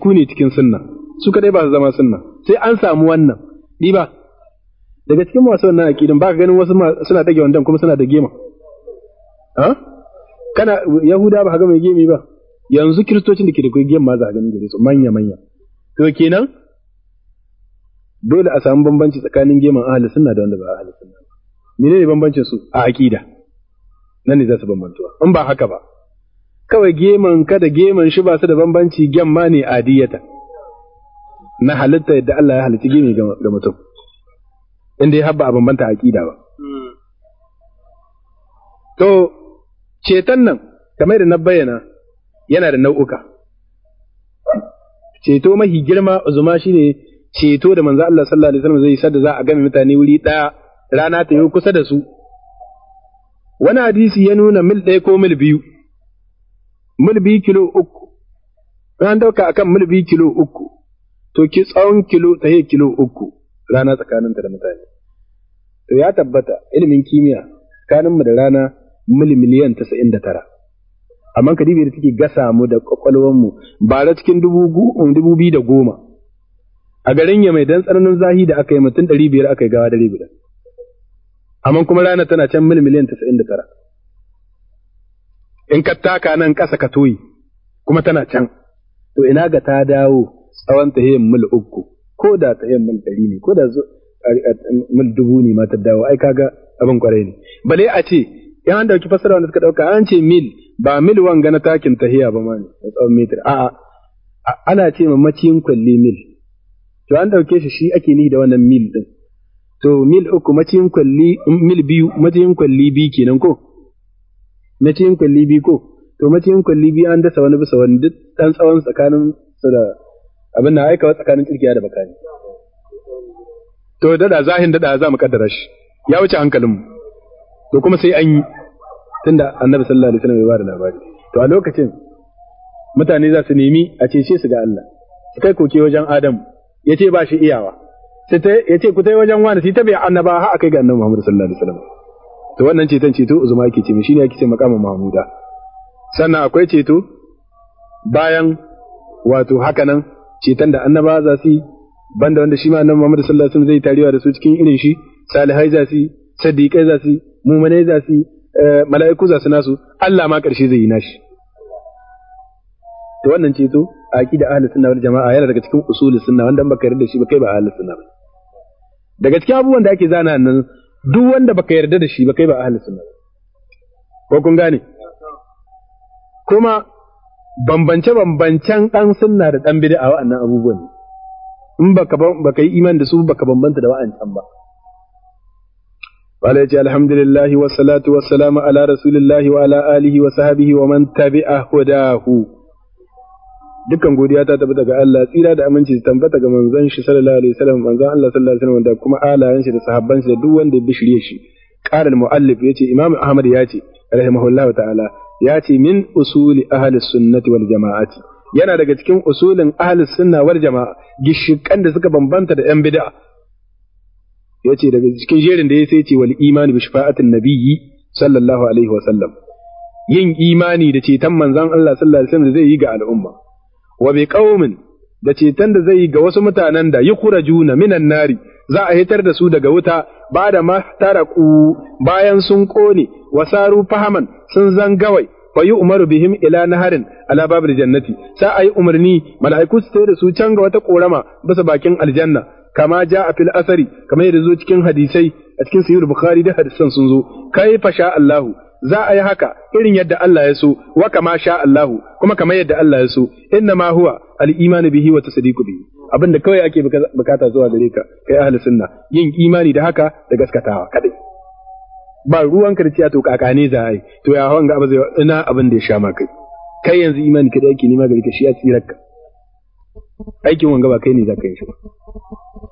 ku ne cikin sunna su kadai ba su zama sunna sai an samu wannan ɗiba daga cikin masu wannan aƙidan ba ka ganin wasu suna dage wandan kuma suna da gema ha kana yahuda ba ga mai gemi ba yanzu kiristocin da ke da kai ma za a gani gare su manya manya to kenan dole a samu bambanci tsakanin geman ahli sunna da wanda ba ahli sunna menene bambancin su a aƙida? nan ne za su bambantuwa in ba haka ba kawai geman ka da geman shi ba su da bambanci ma ne adiyata na halitta yadda Allah ya halitta gemi ga mutum inda ya habba a bambanta aƙida ba to ceton nan kamar da na bayyana yana da nau'uka ceto mahi girma uzuma shine ceto da manzo Allah sallallahu alaihi wasallam zai sadda za a game mutane wuri daya rana ta yi kusa da su. Wani hadisi ya nuna mil ɗaya ko mil biyu, mil biyu kilo uku, an dauka akan mil biyu kilo uku, to ki tsawon kilo ta kilo uku rana tsakaninta da mutane. To ya tabbata ilimin kimiyya tsakaninmu da rana mil miliyan tasa'in da tara. Amma ka da take gasa mu da ƙwaƙwalwarmu ba da cikin dubu biyu da goma. A garin ya mai dan tsananin zahi da aka yi mutum ɗari biyar aka yi gawa ɗari biyar. amma kuma rana tana can mil miliyan tasa'in da tara. In ka taka nan ƙasa ka toyi, kuma tana can, to ina ga ta dawo tsawon tahiyyar mil uku, ko da ta tahiyyar mil ɗari ne, ko da mil dubu ne ma ta dawo, ai kaga abin kwarai ne. Bale a ce, yan an dauki fasara wanda suka ɗauka, an ce mil, ba mil wanga na takin tahiyya ba ma ne, A tsawon mitir, A'a, ana ce ma maciyin kwalli mil, to an ɗauke shi shi ake ni da wannan mil ɗin. to mil uku matiyin kwalli mil biyu matiyin kwalli biyu kenan ko matiyin kwalli biyu ko to matiyin kwalli biyu an dasa wani bisa wani duk dan tsawon tsakanin su da abin na aikawa tsakanin kirkiya da bakani to dada zahin dada za mu kaddara shi ya wuce hankalinmu to kuma sai an yi tunda annabi sallallahu alaihi wasallam ya bada labari to a lokacin mutane za su nemi a cece su ga Allah su kai koke wajen Adam ya ce ba shi iyawa ya ce ku yi wajen wani sai ta bai annaba ha aka ga annabi Muhammad sallallahu alaihi wasallam to wannan ceton ceto uzuma yake ce shine yake ce makamin Mahmuda sannan akwai ceto bayan wato haka nan ceton da annaba za su yi banda wanda shi ma annabi Muhammad sallallahu alaihi wasallam zai tarewa da su cikin irin shi salihai za su yi sadiqai za su yi mu'minai za su yi eh, mala'iku za su nasu Allah ma karshe zai yi nashi to wannan ceto a aqida ahlus sunna wal jamaa yana daga cikin usul sunna wanda baka yarda da shi ba kai ba ahlus sunna ba daga cikin abubuwan da ake zana nan duk wanda baka yarda da shi ba kai ba ahli sunna ko kun gane kuma bambance bambancen dan sunna da dan bid'a wa'annan abubuwan in baka baka yi iman da su baka bambanta da wa'ancan ba Wala ya alhamdulillahi wassalatu wassalamu ala rasulillahi wa ala alihi wa sahbihi wa man tabi'a hudahu dukkan godiya ta tabbata ga Allah tsira da aminci tabbata ga manzon shi sallallahu alaihi wasallam manzon Allah sallallahu alaihi wasallam da kuma alayen shi da sahabban shi da duk wanda ya bishire shi qala al muallif yace imam ahmad yace rahimahullahu ta'ala yace min usuli ahli sunnati wal jama'ati yana daga cikin usulin ahli sunna wal jama'a gishikan da suka bambanta da yan bid'a yace daga cikin jerin da yace yace wal iman bi shafa'atin nabiyyi sallallahu alaihi wasallam yin imani da ceton manzon Allah sallallahu alaihi wasallam zai yi ga al'umma wa bi qaumin da ceton da zai yi ga wasu mutanen da juna minan nari za a hitar da su daga wuta ba da mahtaraku bayan sun kone wasaru fahaman sun zangawai fa yi umaru bihim ila naharin ala babil jannati sa yi umarni mala'iku su tsaye da su can wata korama bisa bakin aljanna kama ja a fil asari kamar yadda zo cikin hadisai a cikin sayyid bukhari da hadisan sun zo kai fa sha Allahu za a yi haka irin yadda Allah ya so wa kama sha Allahu kuma kamar yadda Allah ya so inna ma huwa al imani bihi wa tasdiqu bihi abinda kawai ake bukata zuwa gare ka kai ahli sunna yin imani da haka da gaskatawa kadai ba ruwan karciya to kakane za a yi to ya hawan ga abu zai ina abin da ya sha ma kai kai yanzu imani kada yake nima gare ka shi ya tsirar ka aikin wanga ba kai ne za ka yi shi ba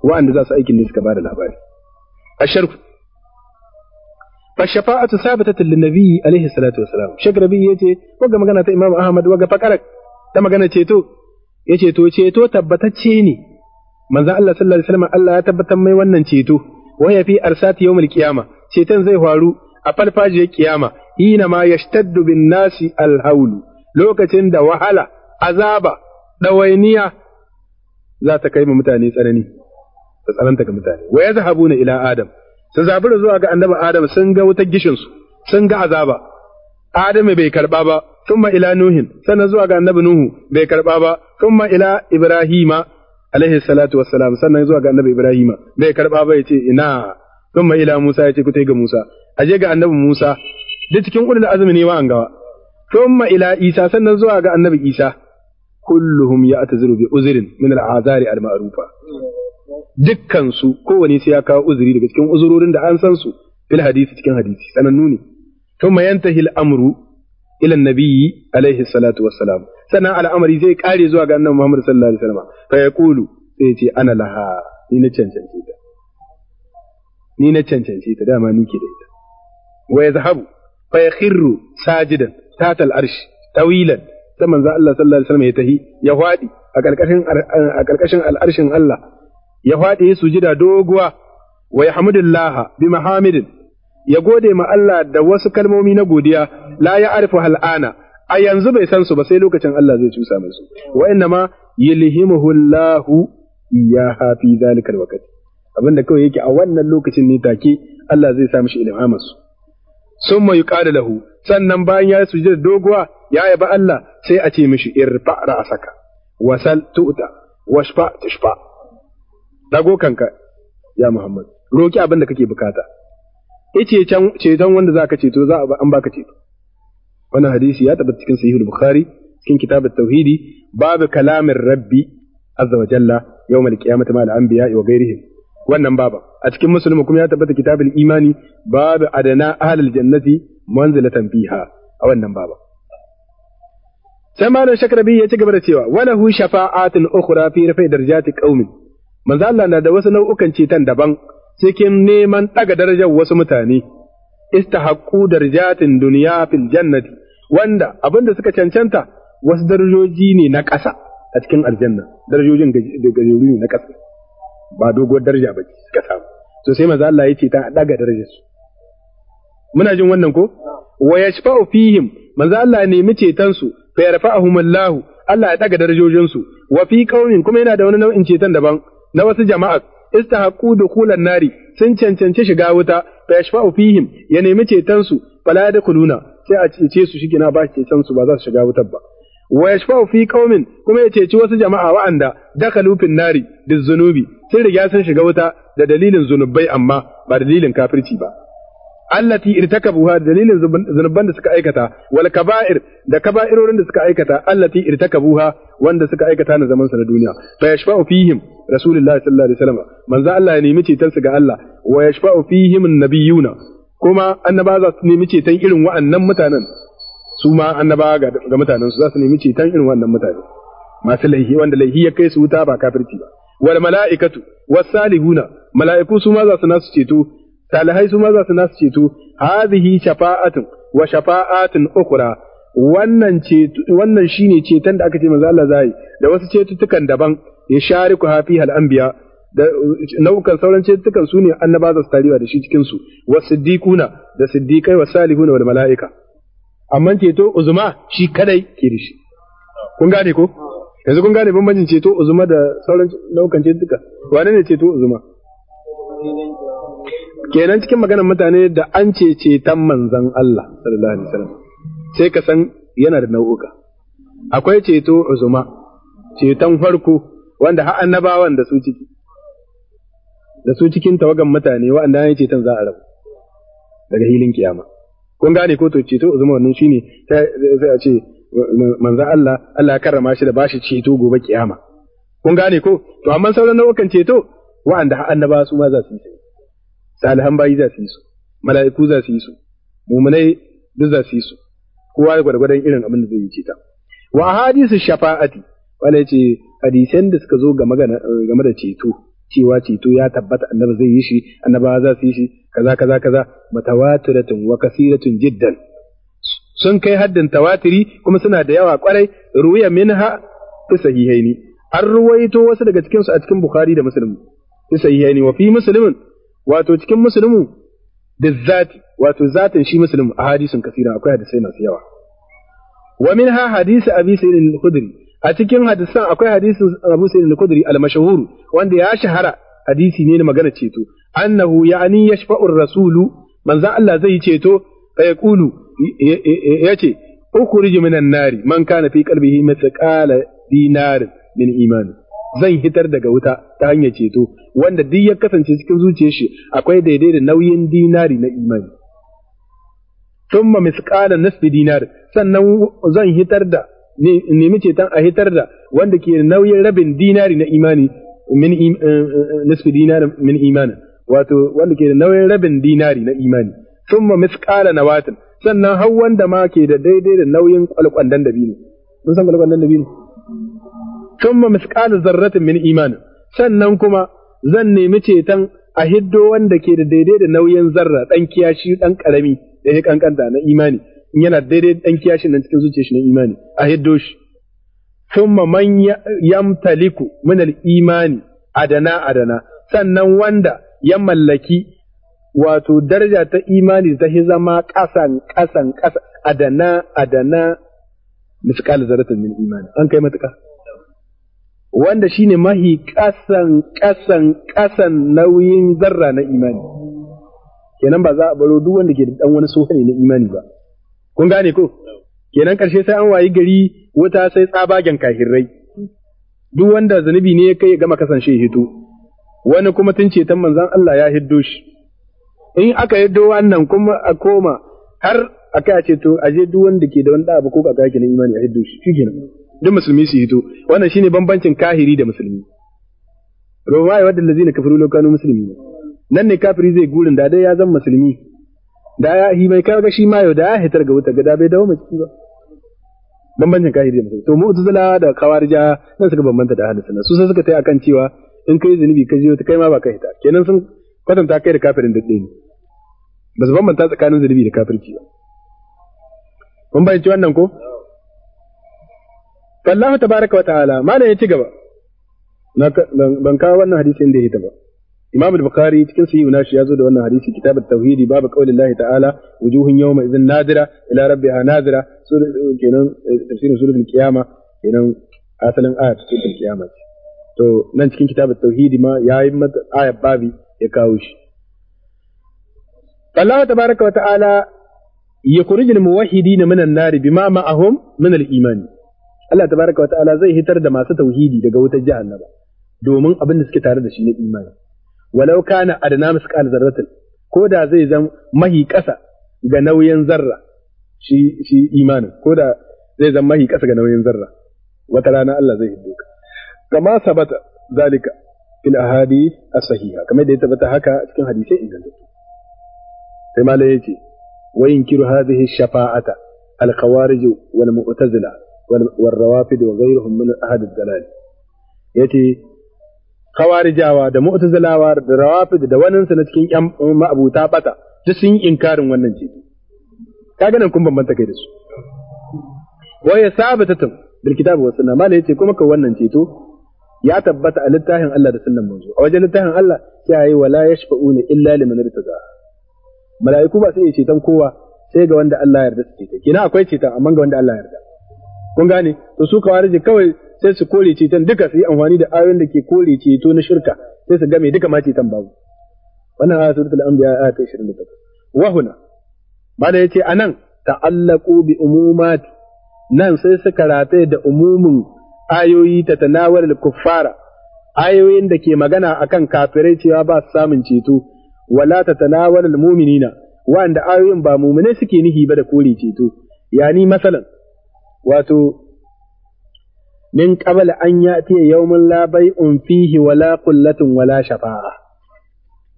wa'anda za su aikin ne suka ba da labari a sharku fa shafa'atu sabitatun linnabi alaihi salatu wasalam shagrabi yace wagga magana ta imamu ahmad waga fakarak da magana ceto yace to ceto tabbatacce ne manzon Allah sallallahu alaihi wasallam Allah ya tabbatar mai wannan ceto waya fi arsati yawmul qiyama ceton zai faru a farfajiyar kiyama hina ma yashtaddu bin nasi alhaulu lokacin da wahala azaba da wainiya za ta kai mutane tsanani da tsananta ga mutane wa yazhabuna ila adam sun zabura zuwa ga annabi Adam sun ga wutar gishinsu, sun ga azaba. Adamu bai karɓa ba, thumma ila Nuhin, sannan zuwa ga annabi Nuhu bai karɓa ba, thumma ila Ibrahima alaihi salatu wassalam, sannan zuwa ga annabi Ibrahima bai karɓa ba ya ce ina, thumma ila Musa ya ce ku ga Musa, aje ga annabi Musa, duk cikin kudin azumi ne wa an gawa. Thumma ila Isa sannan zuwa ga annabi Isa, kulluhum ya'taziru bi uzrin min al-azari al-ma'rufa. dukkansu kowane sai ya kawo uzuri daga cikin uzurorin da an san su fil hadisi cikin hadisi sanannu ne thumma yantahi al-amru ila an-nabiyyi alaihi salatu wassalam sannan al'amari zai kare zuwa ga annabi Muhammad sallallahu alaihi wasallam fa yaqulu sai ce ana laha ni na cancance ta ni na cancance ta dama ni ke da ita wa yazhabu fa yakhirru sajidan tata al-arsh tawilan sai manzo Allah sallallahu alaihi wasallam ya tahi ya hwadi a karkashin a karkashin al-arshin Allah ya faɗi sujida doguwa wa yahmudillah bi mahamidin ya gode ma Allah da wasu kalmomi na godiya la ya arifu hal'ana a yanzu bai san su ba sai lokacin Allah zai cusa mai su wa inna ma yulhimuhu Allah iyaha fi zalikal waqt abinda kawai yake a wannan lokacin ne take Allah zai sa mishi ilhamar su summa yuqalu lahu sannan bayan ya da doguwa ya yaba Allah sai a ce mishi irfa ra'saka wasal tu'ta washfa tushfa dago kanka ya Muhammad roki abin da kake bukata yace can ceton wanda zaka ceto za a an baka ceto wannan hadisi ya tabbata cikin sahihul bukhari cikin kitabut tauhidi babu kalamin rabbi azza wa jalla yawmal qiyamati ma al anbiya wa ghairihim wannan baba a cikin musulmi kuma ya tabbata kitabul imani babu adana ahlul jannati manzilatan fiha a wannan baba sai malam shakrabi ya ci gaba da cewa wala hu shafa'atun ukhra fi rafi darajati qaumin manzo Allah na da wasu nau'ukan ceton daban cikin neman ɗaga darajar wasu mutane istahaqqu darajatin dunya fil jannati wanda abinda suka cancanta wasu darajoji ne na ƙasa a cikin aljanna darajojin gajeru ne na ƙasa ba doguwar daraja ba suka samu to sai manzo Allah ya ce ta ɗaga darajar su muna jin wannan ko wa yashfa'u fihim manzo Allah ne mu ceton su fa yarfa'uhum Allah Allah ya ɗaga darajojin su wa fi kuma yana da wani nau'in ceton daban na wasu jama'a istahaqu dukhulan nari sun cancanci shiga wuta fa yashfa'u fihim ya nemi ceton su fala kuluna sai a cece su shigina ba shi ceton su ba za su shiga wutar ba wa yashfa'u fi qaumin kuma ya ceci wasu jama'a wa'anda dakalu lufin nari zunubi, sun riga sun shiga wuta da dalilin zunubai amma ba dalilin kafirci ba allati irtakabuha dalilin zunuban da suka aikata wal kaba'ir da kaba'irorin da suka aikata allati irtakabuha wanda suka aikata na zaman sa na duniya fa yashfa'u fihim rasulullahi sallallahu alaihi wasallam manzo Allah ya nemi su ga Allah wa yashfa'u fihim annabiyuna kuma annaba za su nemi ceton irin wa'annan mutanen su ma annaba ga mutanen su za su nemi ceton irin wa'annan mutane masu laihi wanda laihi ya kai su wuta ba kafirci ba wal mala'ikatu was salihuna mala'iku su ma za su nasu ceto salihai su ma za su nasu ceto hadhihi shafa'atun wa shafa'atun ukhra wannan ce wannan shine ceton da aka ce manzo Allah zai da wasu cetutukan daban ya ku hafi al'ambiya da nau'ukan sauran cututtukan su ne annaba za su tariwa da shi cikin su wa siddiquna da siddiqai wa salihuna wal mala'ika amma ceto uzuma shi kadai ke da shi kun gane ko yanzu kun gane bambancin ceto uzuma da sauran nau'ukan cututtuka wane ne ceto uzuma kenan cikin maganar mutane da an ce tan manzan Allah sallallahu alaihi wasallam sai ka san yana da nau'uka akwai ceto uzuma ceton farko wanda har annabawan da su ciki da su cikin tawagan mutane wa'anda an yi ceton za a rabu daga hilin kiyama kun gane ko to ceto uzuma wannan shine sai a ce manzo Allah Allah ya karrama shi da bashi ceto gobe kiyama kun gane ko to amma sauran nau'ukan ceto wa'anda har annaba su ma za su yi salihan bayi za su yi su mala'iku za su yi su mu'minai duk za su yi su kowa gwargwadon irin abin da zai yi ceta wa hadisi shafa'ati Wani ce hadisan da suka zo game da ceto cewa ceto ya tabbata annabi zai yi shi annabawa za su yi shi kaza kaza kaza mutawatiratun wa kasiratun jiddan sun kai haddin tawatiri kuma suna da yawa kwarai ruya minha fi sahihaini an ruwaito wasu daga cikin su a cikin bukhari da muslim fi sahihaini wa fi Musulmin, wato cikin muslimu da zati wato zatin shi muslim a hadisin kasira akwai hadisai masu yawa wa minha hadisi abi sayyidin khudri a cikin hadisan akwai hadisin Abu Sa'id al-Khudri al-mashhur wanda ya shahara hadisi ne na magana ceto annahu ya'ni yashfa'u ar-rasulu manzo Allah zai yi ceto fa yaqulu yace ukhrij minan nari man kana fi qalbihi mithqala dinar min iman zan hitar daga wuta ta hanyar ceto wanda duk ya kasance cikin zuciyar shi akwai daidai da nauyin dinari na imani thumma mithqala nisfi dinar sannan zan hitar da nemi tan a hitar da wanda ke nauyin rabin dinari na imani min eh, eh, nisfi dinari min imani wato wanda ke da nauyin rabin dinari na imani thumma misqala nawatin sannan har wanda ma ke da daidai da nauyin kwalkwandan biyu mun san kwalkwandan biyu thumma misqala zarratin min imani sannan kuma zan nemi tan a hiddo wanda ke da daidai da nauyin zarra dan kiyashi dan karami da ya kankanta na imani in yana daidai ɗan kiyashin nan cikin zuciya shi na imani a hiddo shi thumma man yamtaliku min al-imani adana adana sannan wanda ya mallaki wato daraja ta imani ta hi zama ƙasan ƙasan kasa adana adana misqal zaratin min imani an kai matuka wanda shi ne mahi ƙasan, ƙasan, ƙasan, nauyin zarra na imani kenan ba za a baro duk wanda ke da ɗan wani sohani na imani ba kun gane ko kenan ƙarshe sai an wayi gari wuta sai tsabagen kahirrai duk wanda zunubi ne ya kai gama kasance hito wani kuma tun ceton manzan Allah ya hiddo shi in aka hiddo wannan kuma a koma har a kai a ce to aje duk wanda ke da wanda abu ko yake na imani a hiddo shi shikenan duk musulmi su hito wannan shine bambancin kahiri da musulmi roma ya wadda lazina kafiru lokanu musulmi nan ne kafiri zai gurin da dai ya zama musulmi da ya hi bai kaga shi ma yau da ya hitar ga wuta gada bai dawo mai ba bambancin kahiri da musulmi to mu'tazila da kawarija nan suka bambanta da ahlus sunna su sai suka tai akan cewa in kai zunubi ka je kai ma ba ka hita kenan sun kwatanta kai da kafirin da ne ba su bambanta tsakanin zunubi da kafirci ba mun bayyana wannan ko Allah tabaraka wa ta'ala malam ya ci gaba ban kawo wannan hadisin da ya hita ba Imam al-Bukhari cikin sahihu nashi ya zo da wannan hadisi kitabut tauhidi babu qaulin Allah ta'ala wujuhun yawma idhin nadira ila rabbiha nadira kenan eh, tafsirin suratul qiyama kenan asalin aya ta suratul qiyama to nan cikin kitabut tauhidi ma yayi mata ayat babi ya kawo shi Allah tabaraka wa ta'ala minan الموحدين من ma ma'ahum min al-iman Allah tabaraka wa ta'ala zai hitar da masu tauhidi daga wutar jahannama domin abin da suke tare da shi na imani walau kana adna misqal zarratin ko da zai zan mahi ƙasa ga nauyin zarra shi shi imanin ko da zai zan mahi ƙasa ga nauyin zarra wata rana Allah zai hiddo ka kama sabata zalika fil ahadith as-sahiha kamar da ya tabbata haka cikin hadisai ingantattu sai malai yace wa yunkiru hadhihi shafa'ata al-khawarij wal mu'tazila wal rawafid wa ghayrihim min ahad ad-dalal yace kawarijawa da mu'tazilawa da rawafid da waninsu na cikin ƴan ma'abuta bata duk sun yi inkarin wannan ce kaga nan kun bambanta kai da su wa ya sabatatu bil kitabi wa sunna malai yace kuma ka wannan ceto ya tabbata a littafin Allah da sunnan manzo a wajen littafin Allah sai ayi wala yashfa'una illa liman irtaza mala'iku ba sai ya ceton kowa sai ga wanda Allah ya yarda su ce kina akwai ceta amma ga wanda Allah ya yarda kun gane to su kawarije kawai sai su kore ceton duka su yi amfani da ayoyin da ke kore ceto na shirka sai su game duka ma ceton babu wannan aya suratul anbiya da ta 28 wa ya ce yace anan ta'allaqu bi umumat nan sai suka karatai da umumin ayoyi ta tanawar kuffara ayoyin da ke magana akan kafirai cewa ba su samun ceto wala ta tanawar mu'minina wanda ayoyin ba mu'mine suke nihi ba da kore ceto yani masalan wato min qabla an ya'ti yawmin labai bay'un fihi wala kullatin wala shafa'a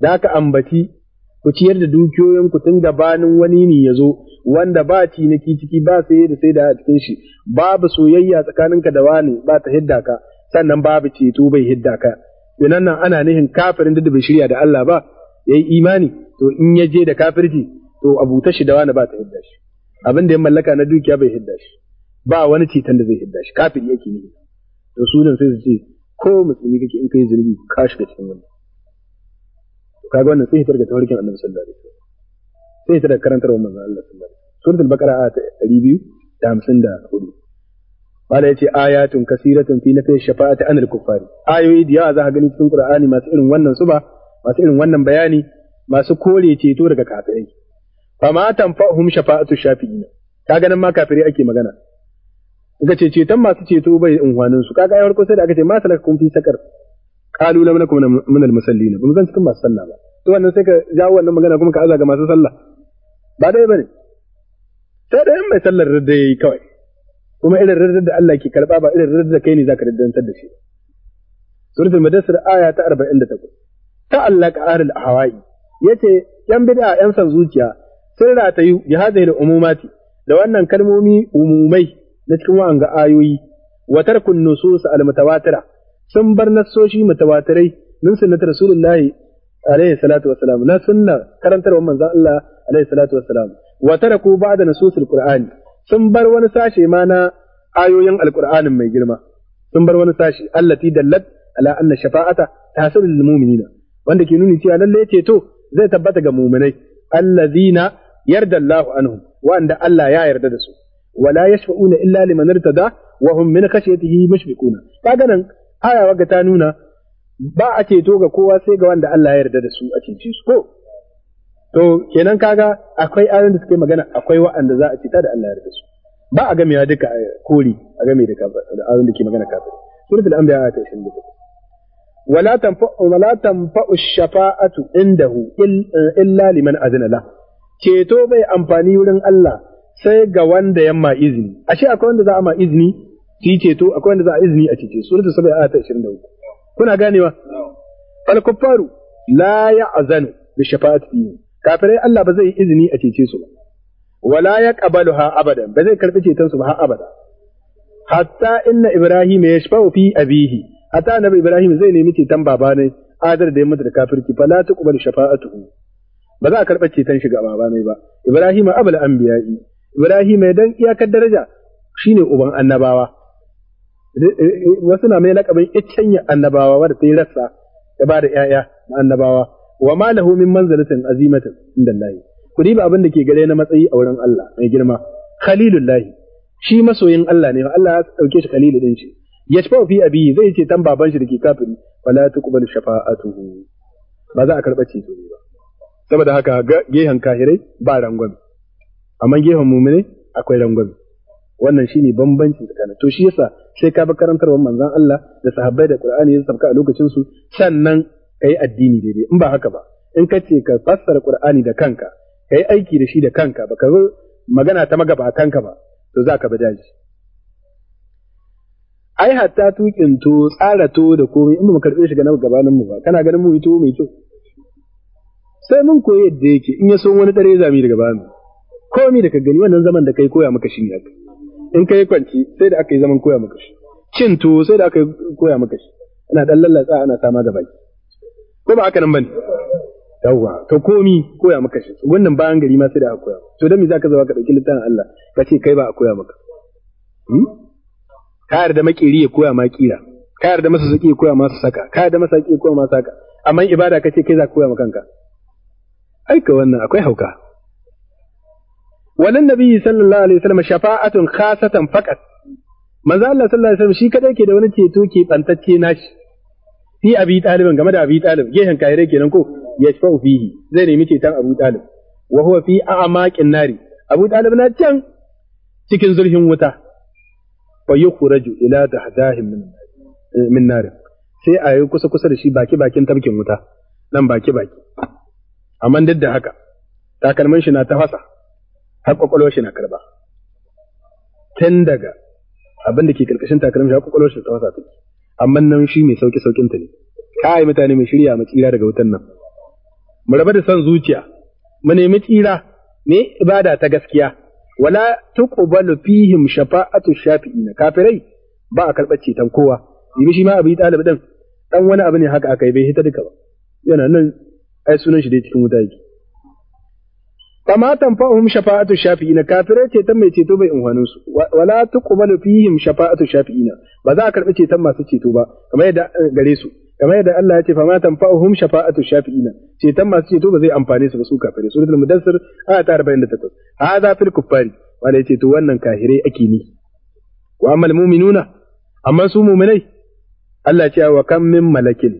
da ka ambaci ku ciyar da dukiyoyin ku tun gabanin wani ne ya zo wanda ba ciniki ciki ba saye da sai da a cikin shi babu soyayya tsakaninka da wani ba ta hidda ka sannan babu ceto bai hidda ka nan nan ana nihin kafirin da bai shirya da Allah ba yayi imani to in ya je da kafirci to abuta shi da wani ba ta hidda shi abin da ya mallaka na dukiya bai hidda shi ba wani ceton da zai hidda shi kafin yake ne to sunan sai su ce ko musulmi kake in kai zunubi ka shiga cikin wannan to kaga wannan sai hitar da tawarkin annabi sallallahu alaihi wasallam sai hitar da karantarwar manzon Allah sallallahu alaihi wasallam suratul baqara ayat 254 bala yace ayatun kasiratun fi nafi shafa'ati anil kuffari ayoyi da yawa za ka gani cikin qur'ani masu irin wannan suba masu irin wannan bayani masu kore ceto daga kafirai ma tanfa'uhum shafa'atu shafi'ina kaga nan ma kafirai ake magana aka ce ceton masu ceto bai unhwanin su kaga ai sai da aka ce ma kun fi sakar qalu lam nakum min al musallina ba zan cikin masu sallah ba to wannan sai ka jawo wannan magana kuma ka aza ga masu sallah ba dai bane sai dai in mai sallar radda yayi kawai kuma irin radda da Allah ke karba ba irin radda kai ne zaka daddantar da shi suratul mudassir aya ta 48 ta Allah ka aril ahwai yace yan bid'a yan san zuciya sun ratayu bi hadhihi al umumati da wannan kalmomi umumai na cikin wa'anga ayoyi wa tarkun nusus al-mutawatira sun bar nassoshi mutawatirai min sunnati rasulullahi alaihi salatu wassalam na sunna karantarwar manzon Allah alaihi salatu wassalam wa taraku ba'da nususil qur'ani sun bar wani sashe ma na ayoyin alqur'anin mai girma sun bar wani sashe allati dallat ala anna shafa'ata tahsul lil mu'minina wanda ke nuni cewa lalle ceto zai tabbata ga mu'minai allazina yarda Allahu anhum wanda Allah ya yarda da su wala yashfa'una illa liman irtada wa hum min khashyatihi mushfiquna kaga nan aya waga ta nuna ba a ceto ga kowa sai ga wanda Allah ya yarda da su a cece su ko to kenan kaga akwai ayoyin da suke magana akwai wa'anda za a cita da Allah ya yarda su ba a gamewa duka kori a game da ayoyin da ke magana kafir suratul anbiya ayat 28 Wala تنفع ولا تنفع الشفاعة عنده إلا لمن أذن له ceto bai amfani wurin Allah sai ga wanda yamma izini ashe akwai wanda za a ma izini su ce ceto akwai wanda za a izini a cece suratul sabai ayat 23 kuna ganewa al kuffaru la ya'zanu bi shafa'ati kafirai Allah ba zai yi izini a cece su ba wala yaqbaluha abadan ba zai karbi ceton su ba har abada hatta inna ibrahim yashfa'u fi abihi hatta nabi ibrahim zai nemi ceton baba ne adar da ya mutu da kafirci la tuqbal shafa'atuhu ba za a karɓi ceton shi ga baba ne ba ibrahim abul anbiya'i Ibrahim dan iyakar daraja shine uban annabawa wasu na mai lakabin ya annabawa wadda ta rassa ya ba da ‘ya'ya na annabawa wa ma lahu min manzalatin azimatin inda Allah ku riba abin da ke gare na matsayi a wurin Allah mai girma khalilullahi shi masoyin Allah ne Allah ya dauke shi khalilu din shi yashfa fi abi zai ce tan baban shi dake kafiri wala tuqbalu tuhu. ba za a karba ceto ba saboda haka gehen kahirai ba rangwame amma gefen mumine akwai rangwame wannan shine bambanci tsakanin to shi yasa sai ka bi karantarwar manzan Allah da sahabbai da Qur'ani ya sabka a lokacin su sannan kai addini daidai in ba haka ba in ka ce ka fassara Qur'ani da kanka kai aiki da shi da kanka ba zo magana ta magaba kanka ba to za ka bi daji ai hatta tukin to tsara to da komai in ba mu karbe shi ga gabanin mu ba kana ganin mu ito mai kyau sai mun koyi yadda yake in ya so wani dare zami daga bamu komi da ka gani wannan zaman da kai koya maka shi ne haka? in kai kwanci sai da aka yi zaman koya maka shi cin tuwo sai da aka yi koya maka shi ana dan lallatsa ana sama ga baki ko ba aka nan bane yawwa ka komi koya maka shi wannan bayan gari ma sai da aka koya to dan me zaka zo ka dauki littafin Allah ka ce kai ba a koya maka hmm? ka yarda makiri ya koya ma kira ka yarda masa suke koya ma su saka ka yarda masa suke koya ma saka amma ibada ka ce kai za ka koya ma kanka aika wannan akwai hauka walin nabiyyi sallallahu alaihi wasallam shafa'atun khasatan faqat manzo Allah sallallahu alaihi wasallam shi kadai ke da wani ceto ke bantacce nashi fi abi talibin game da abi talib gehen kahire kenan ko ya shafa fihi zai nemi ceton abu talib wa huwa fi a'maqin nari abu talib na can cikin zurfin wuta fa yukhraju ila dahdahim min eh, min nari sai a yi kusa kusa da shi baki bakin tafkin wuta nan baki baki amma duk da haka takalmin shi na tafasa har kwakwalwar shi na karba tun daga abin ke karkashin takalmin shi har kwakwalwar shi ta wasa take amma nan shi mai sauki sauƙin ta ne kai mutane mai shirya mu tsira daga wutan nan mu raba da son zuciya mu nemi tsira ne ibada ta gaskiya wala tuqbalu fihim shafa'atu shafi'ina kafirai ba a karɓar ceton kowa yi shi ma abu yi ɗalibi ɗan wani abu ne haka aka yi bai hita duka ba yana nan ai sunan shi dai cikin wuta yake kama tanfa'uhum shafa'atu shafi'ina kafirai ceton mai ceto bai umhanin su wala tuqbalu fihim shafa'atu shafi'ina ba za a karbi ceton masu ceto ba kamar yadda eh, gare kamar yadda Allah ya ce fa ma tanfa'uhum shafa'atu shafi'ina ceton masu ceto ba zai amfane su ba su kafirai suratul mudassir aya ta 48 hadha fil kuffari wala ceto wannan kafirai ake ni wa amal amma su mu'minai Allah ya ce wa kam min malakin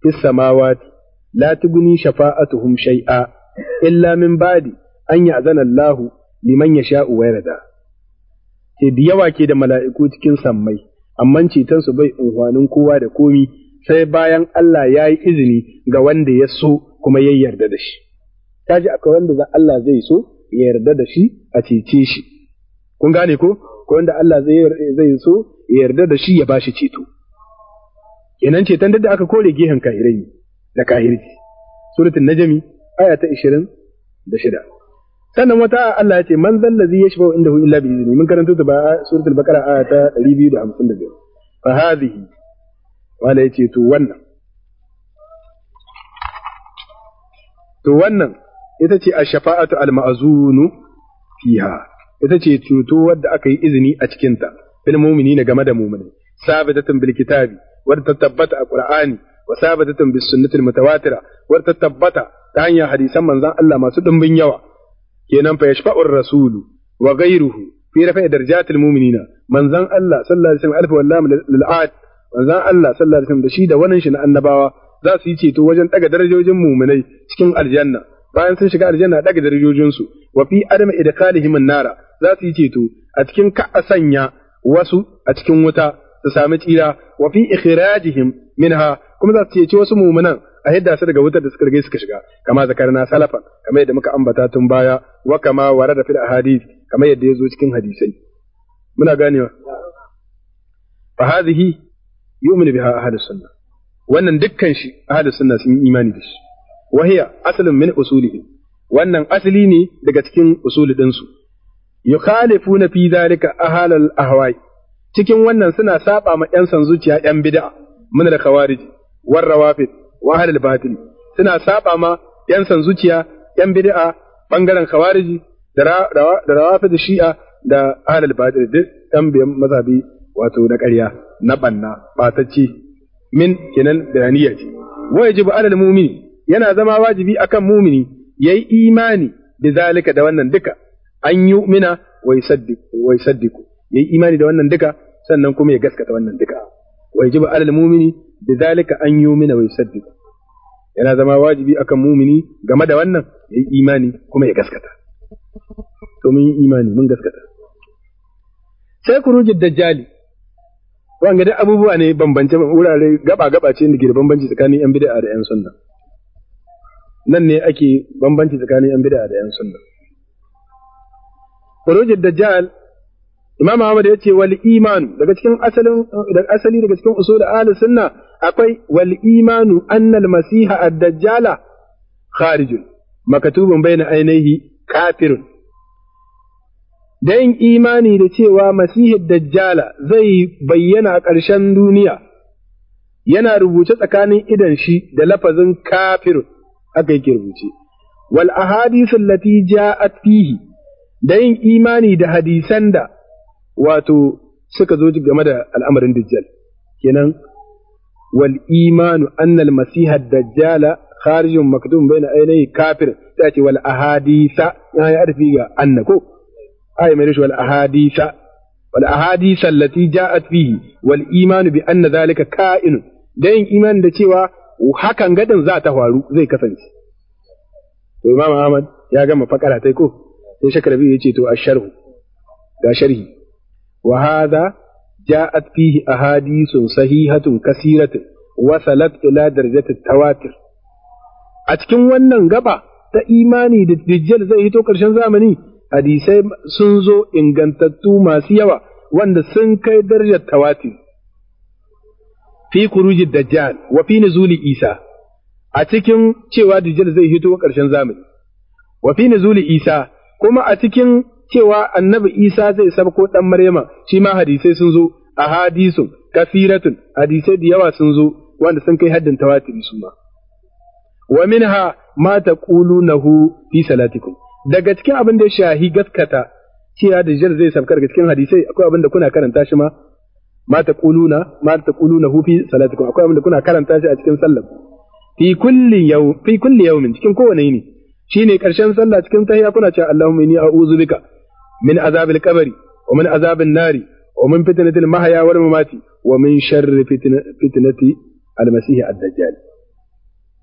fis samawati la illa min ba'di an yi azanallahu liman ya wa yarda sai da yawa ke da mala'iku cikin sammai amma ceton su bai unhwanin kowa da komi sai bayan Allah ya yi izini ga wanda ya so kuma ya yarda da shi kaji akwai wanda Allah zai so ya yarda da shi a cece shi kun gane ko ko wanda Allah zai so ya yarda da shi ya ba shi ceto kenan ceton da aka kore gehen kahirai da kahirci suratul najmi aya ta da shida. sannan wata Allah ya ce man zal ladzi yashfa'u indahu illa bi izini. mun karanta ta ba suratul baqara aya ta 255 fa hadhihi wala yace to wannan to wannan ita ce ash-shafa'atu al-ma'zunu fiha ita ce cuto wadda aka yi izini a cikin ta bil mu'minina game da mu'minai sabitatun bil kitabi wadda ta tabbata a qur'ani wa sabitatun bis sunnatil mutawatira wadda ta tabbata ta hanyar hadisan manzon Allah masu dimbin yawa kenan fa yashfa'ur rasulu wa ghayruhu fi rafa'i darajatil mu'minina manzan Allah sallallahu alaihi wasallam alfa wallam manzan Allah sallallahu alaihi wasallam da shi da wannan shi na annabawa za su yi ceto wajen daga darajojin mu'minai cikin aljanna bayan sun shiga aljanna daga darajojin su wa fi adama idkalihim za su yi ceto a cikin ka'a sanya wasu a cikin wuta su sami tsira wa fi ikhrajihim minha kuma za su ceci wasu mumunan a yadda su daga wutar da suka rige suka shiga kama Zakar na salafan kamar yadda muka ambata tun baya wa kama warada fil ahadith kamar yadda ya zo cikin hadisai muna ganewa fa hadhihi yu'minu biha ahlus sunnah wannan dukkan shi ahlus sunnah sun yi imani da shi wa hiya aslun min usulihi wannan asali ne daga cikin usuli din su yukhalifuna fi zalika ahlal ahwa'i cikin wannan suna saba ma 'yan san zuciya 'yan bid'a min da khawarij war rawafid wa ahlul batil suna saba ma yan san zuciya yan bid'a bangaren khawariji da rawafid shi'a da ahlul batil duk yan biyan mazhabi wato na ƙarya na banna batacci min kenan da niyya ce wa yajibu alal mu'mini yana zama wajibi akan mu'mini yayi imani da zalika da wannan duka an yu'mina wa yusaddiqu wa yusaddiqu yayi imani da wannan duka sannan kuma ya gaskata wannan duka wa yajibu alal mu'mini bidhalika an yu'mina wa yusaddiq yana zama wajibi akan mu'mini game da wannan yayi imani kuma ya gaskata to mun yi imani mun gaskata sai kurujin dajjali wanga da abubuwa ne bambance wurare gaba gaba ce da ke bambanci tsakanin yan bid'a da yan sunna nan ne ake bambanci tsakanin yan bid'a da yan sunna kurujin dajjal Imam Ahmad ya ce wal iman daga cikin asalin daga asali daga cikin usul ahli sunna akwai wal imanu anna al masiha ad dajjala kharijun makatubun baina ainihi kafirun dan imani da cewa masihi dajjala zai bayyana a ƙarshen duniya yana rubuce tsakanin idan shi da lafazin kafirun aka yi rubuce wal ahadithu allati ja'at fihi da imani da hadisan da wato suka zo game da al'amarin dajjal kenan wal imanu anna al masiha dajjala kharijun maktum baina ainihi kafir ta ce wal ahadisa ya yi arfi ga anna ko ai mai wal ahadisa wal ahadisa allati ja'at fihi wal imanu bi anna zalika ka'in Dan imanin da cewa hakan gadin za ta faru zai kasance to imam ahmad ya gama fakara tai ko sai shakarabi ya ce to asharhu ga sharhi Wahaza, وهذا جاءت فيه أحاديث صحيحة كثيرة وصلت إلى درجة A cikin wannan gaba, ta imani da dijjal zai hito ƙarshen zamani hadisai sun zo ingantattu masu yawa wanda sun kai darajar tawatir fi kuruji dajjal wa fi nuzuli isa a cikin cewa dijjal zai hito ƙarshen zamani wa fi nuzuli isa kuma a cikin cewa annabi Isa zai sabko ɗan Maryama shi ma hadisai sun zo a hadisun kafiratun hadisai da yawa sun zo wanda sun kai haddin tawatiri su ma. Wa minha ma taqulunahu fi salatikum daga cikin abin da ya shahi gaskata cewa da jar zai sabka daga cikin hadisai akwai abin da kuna karanta shi ma ma taquluna ma taqulunahu fi salatikum akwai abin da kuna karanta shi a cikin sallah fi kulli yawm fi kulli yawmin cikin kowane yini ne ƙarshen sallah cikin tahiya kuna cewa Allahumma inni a'udhu bika min azabil kabari, wa min azabin nari wa min fitnatil mahya wal mamati wa min sharri fitnati almasihi ad-dajjal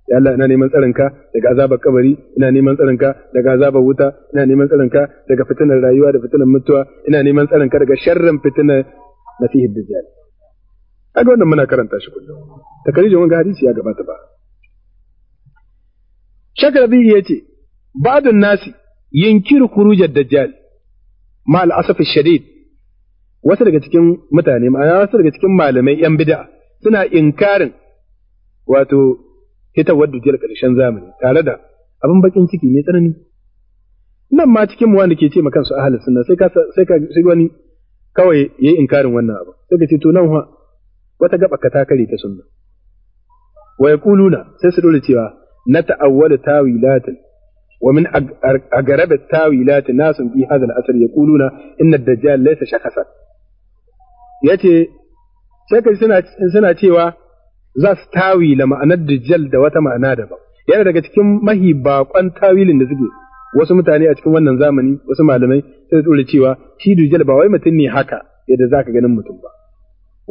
ya ina neman tsarinka daga azabar kabari ina neman tsarinka daga azabar wuta ina neman tsarinka daga fitinar rayuwa da fitinar mutuwa ina neman tsarinka daga sharrin fitinar masihi dajjal kaga wannan muna karanta shi kullum takarijin wanga hadisi ya gabata ba shakar zai iya ce ba'dun nasi yunkiru kurujar dajjal ma al'asafi shadid wasu daga cikin mutane ma'ana wasu daga cikin malamai yan bid'a suna inkarin wato hitawar dujiyar karshen zamani tare da abin bakin ciki mai tsanani nan ma cikin mu wanda ke ce makan su ahalin sunna sai ka sai ka sai wani kawai yayi inkarin wannan abu sai ka ce to nan fa wata gaba ka takare ta sunna wa yaquluna sai su dole cewa na ta'awwalu tawilatin ومن أقرب التاويلات ناس في هذا الأثر يقولون إن الدجال ليس شخصا yace sai ka suna suna cewa za su tawila ma'anar dajjal da wata ma'ana daban yana daga cikin mahi bakon tawilin da suke wasu mutane a cikin wannan zamani wasu malamai sai su tsore cewa shi dajjal ba wai mutum ne haka yadda zaka ganin mutum ba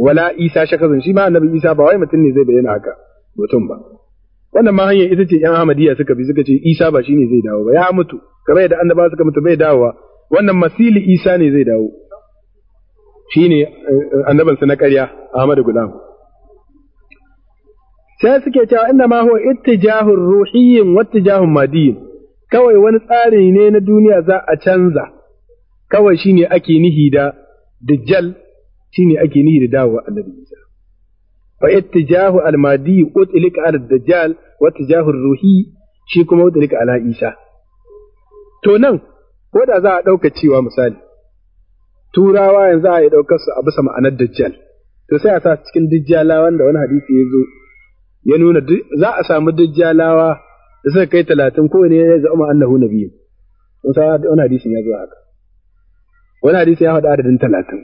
wala isa shakazan shi ma annabi isa ba wai mutum ne zai bayyana haka mutum ba wannan ma hanyar ita ce yan Ahmadiyya suka bi suka ce Isa ba shine zai dawo ba ya mutu kamar yadda annaba suka mutu bai dawowa wannan masili Isa ne zai dawo Shi ne eh, annabansa na ƙarya Ahmadu Gulam sai suke cewa inda ma huwa jahun ruhiyyin wata jahun madiyin, kawai wani tsari ne na duniya za a canza kawai shine ake nihi da dajjal shine ake nihi da dawowa annabi Isa fa ittijahu almadi utlika al dajjal wa tijahu ruhi shi kuma utlika ala isa to nan ko da za a ɗauka cewa misali turawa yanzu a yi ɗaukar su a bisa ma'anar dajjal to sai a sa cikin dajjalawa wanda wani hadisi ya zo ya nuna za a samu dajjalawa da suka kai talatin ne ya zama annahu nabiyin sun sa wani hadisi ya zo haka wani hadisi ya faɗi adadin talatin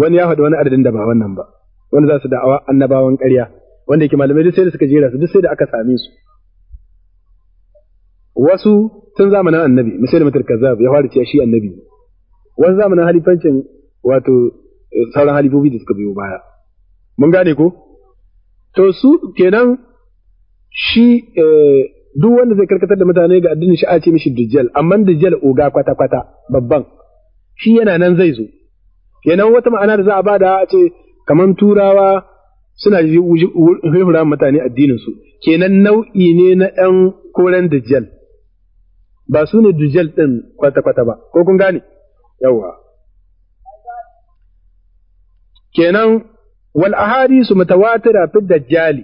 wani ya faɗi wani adadin da ba wannan ba wanda za su da'awa annabawan ƙarya wanda yake malamai duk sai da suka jera su duk sai da aka same su wasu tun zamanin annabi misali mutar kazzab ya fara cewa shi annabi wasu zamanin halifancin wato sauran halifofi da suka biyo baya mun gane ko to su kenan shi eh, duk wanda zai karkatar da mutane ga addinin shi a ce mishi dujjal amma dujjal oga kwata kwata babban shi yana nan zai zo kenan wata ma'ana da za a bada a ce kamar turawa suna hurhura mutane addininsu kenan nau'i ne na ɗan koren dajjal ba su ne dajjal ɗin kwata-kwata ba ko kun gane yawa kenan wal ahadisu mutawatira fi dajjali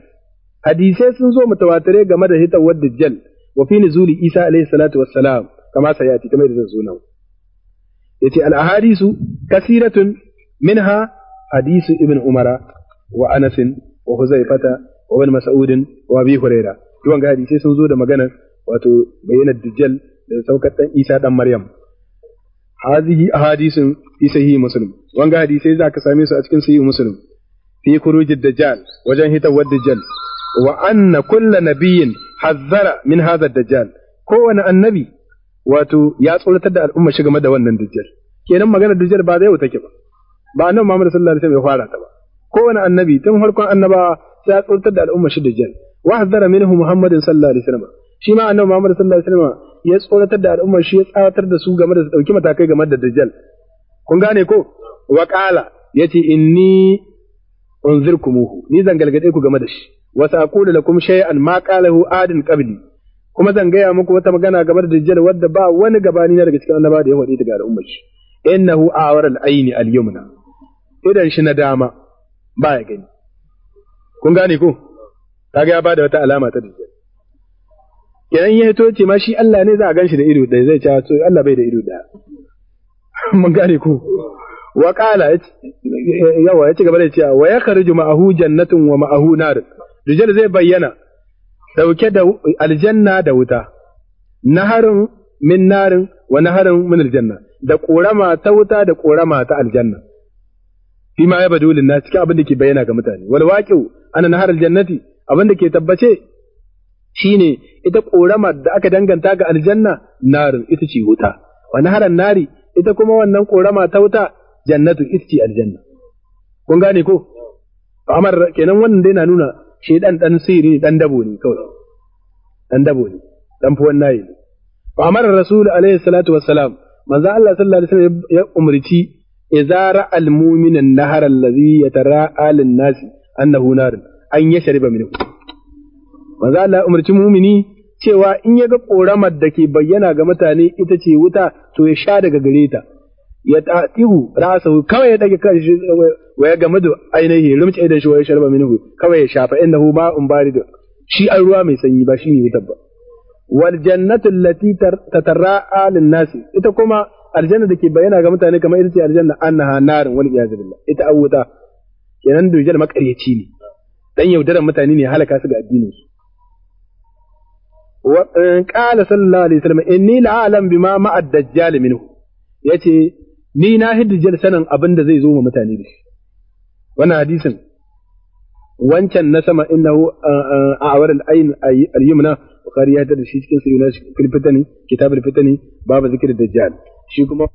hadisai sun zo mutawatire game da hitawar dajjal wa fi nuzuli isa alaihi salatu wassalam kama sayati kamar da zan zo nan yace al ahadisu kasiratun minha حديث ابن عمر وأنس وحزيفة وابن مسعود وابي هريرة duwan ga hadisai sun zo da maganar wato bayyanar dujjal da saukar dan Isa dan Maryam hazihi ahadisun fi sahihi muslim wanga hadisai za ka same su a cikin sahihi muslim fi kurujid dajjal wajen hitawar dajjal wa anna kulla nabiyyin hazara min hadha dajjal kowane annabi wato ya tsoratar da al'umma shi game da wannan dajjal kenan maganar dajjal ba zai yau ke ba ba annabi Muhammad sallallahu alaihi wasallam ya fara ta ba kowane annabi tun farkon annaba sai ya tsurtar da al'umma shi dajjal wa hazzara minhu Muhammadu sallallahu alaihi wasallam shi ma annabi Muhammad sallallahu alaihi wasallam ya tsoratar da al'umma shi ya tsawatar da su game da su dauki matakai game da dajjal kun gane ko wa qala yace inni unzirkumuhu ni zan galgade ku game da shi wa saqulu lakum shay'an ma qalahu adin qabli kuma zan gaya muku wata magana game da dajjal wadda ba wani gabani na daga cikin annaba da ya wadi daga al'umma shi innahu awara al-ayni al-yumna idan shi na dama ba ya gani. Kun gane ko? Kaga ya ba da wata alama ta dajjal. Idan ya hito ce ma shi Allah ne za a gan shi da ido ɗaya zai cewa ah, to Allah bai da ido ɗaya. Mun gane ko? Wa ƙala yawa ya ci gaba da cewa wa ya karju ma'ahu jannatin wa ma'ahu narin. Dajjal zai bayyana dauke da aljanna da wuta. Naharin min narin wa naharin min aljanna. Da ƙorama ta wuta da ƙorama ta aljanna. fi ma yabdu lin nas cikin abin da ke bayyana ga mutane wal waqi'u ana nahar al jannati abin da ke tabbace shine ita korama da aka danganta ga aljanna narin ita ce wuta wa an nari ita kuma wannan korama ta wuta jannatu ce aljanna kun gane ko amar kenan wannan dai na nuna shi dan dan sirri dan dabo ne kawai dan dabo ne dan fuwan nayi ne fa amara rasul alaihi salatu wassalam manzo Allah sallallahu alaihi wasallam ya umurci idza ra'a al-mu'minu allazi yatara'a lin-nas annahu nar an yashriba minhu Allah umarci mu'mini cewa in ya ga ƙoramar da ke bayyana ga mutane ita ce wuta to ya sha daga gare ta ya tatihu rasahu kawai ya dage kan shi wa ya game da ainihi rumce da shi wa ya sharba minhu kawai ya shafa innahu um barid shi an ruwa mai sanyi ba shi ne wutar ba wal jannatu allati tatarra'a lin nasi ita kuma aljanna da ke bayyana ga mutane kamar ita ce aljanna annaha narin wani iyazu billah ita awuta kenan dujal makaryaci ne dan yaudaran mutane ne halaka su ga addinin su wa eh, qala sallallahu alaihi wasallam inni la'alam bima ma'ad dajjal minhu yace ni na hiddijal sanin abin da zai zo ma mutane da shi wannan hadisin wancan na sama innahu eh, eh, a awar al-ayn al-yumna bukhari ya tada shi cikin sirri na fil fitani babu zikr dajjal 学个么？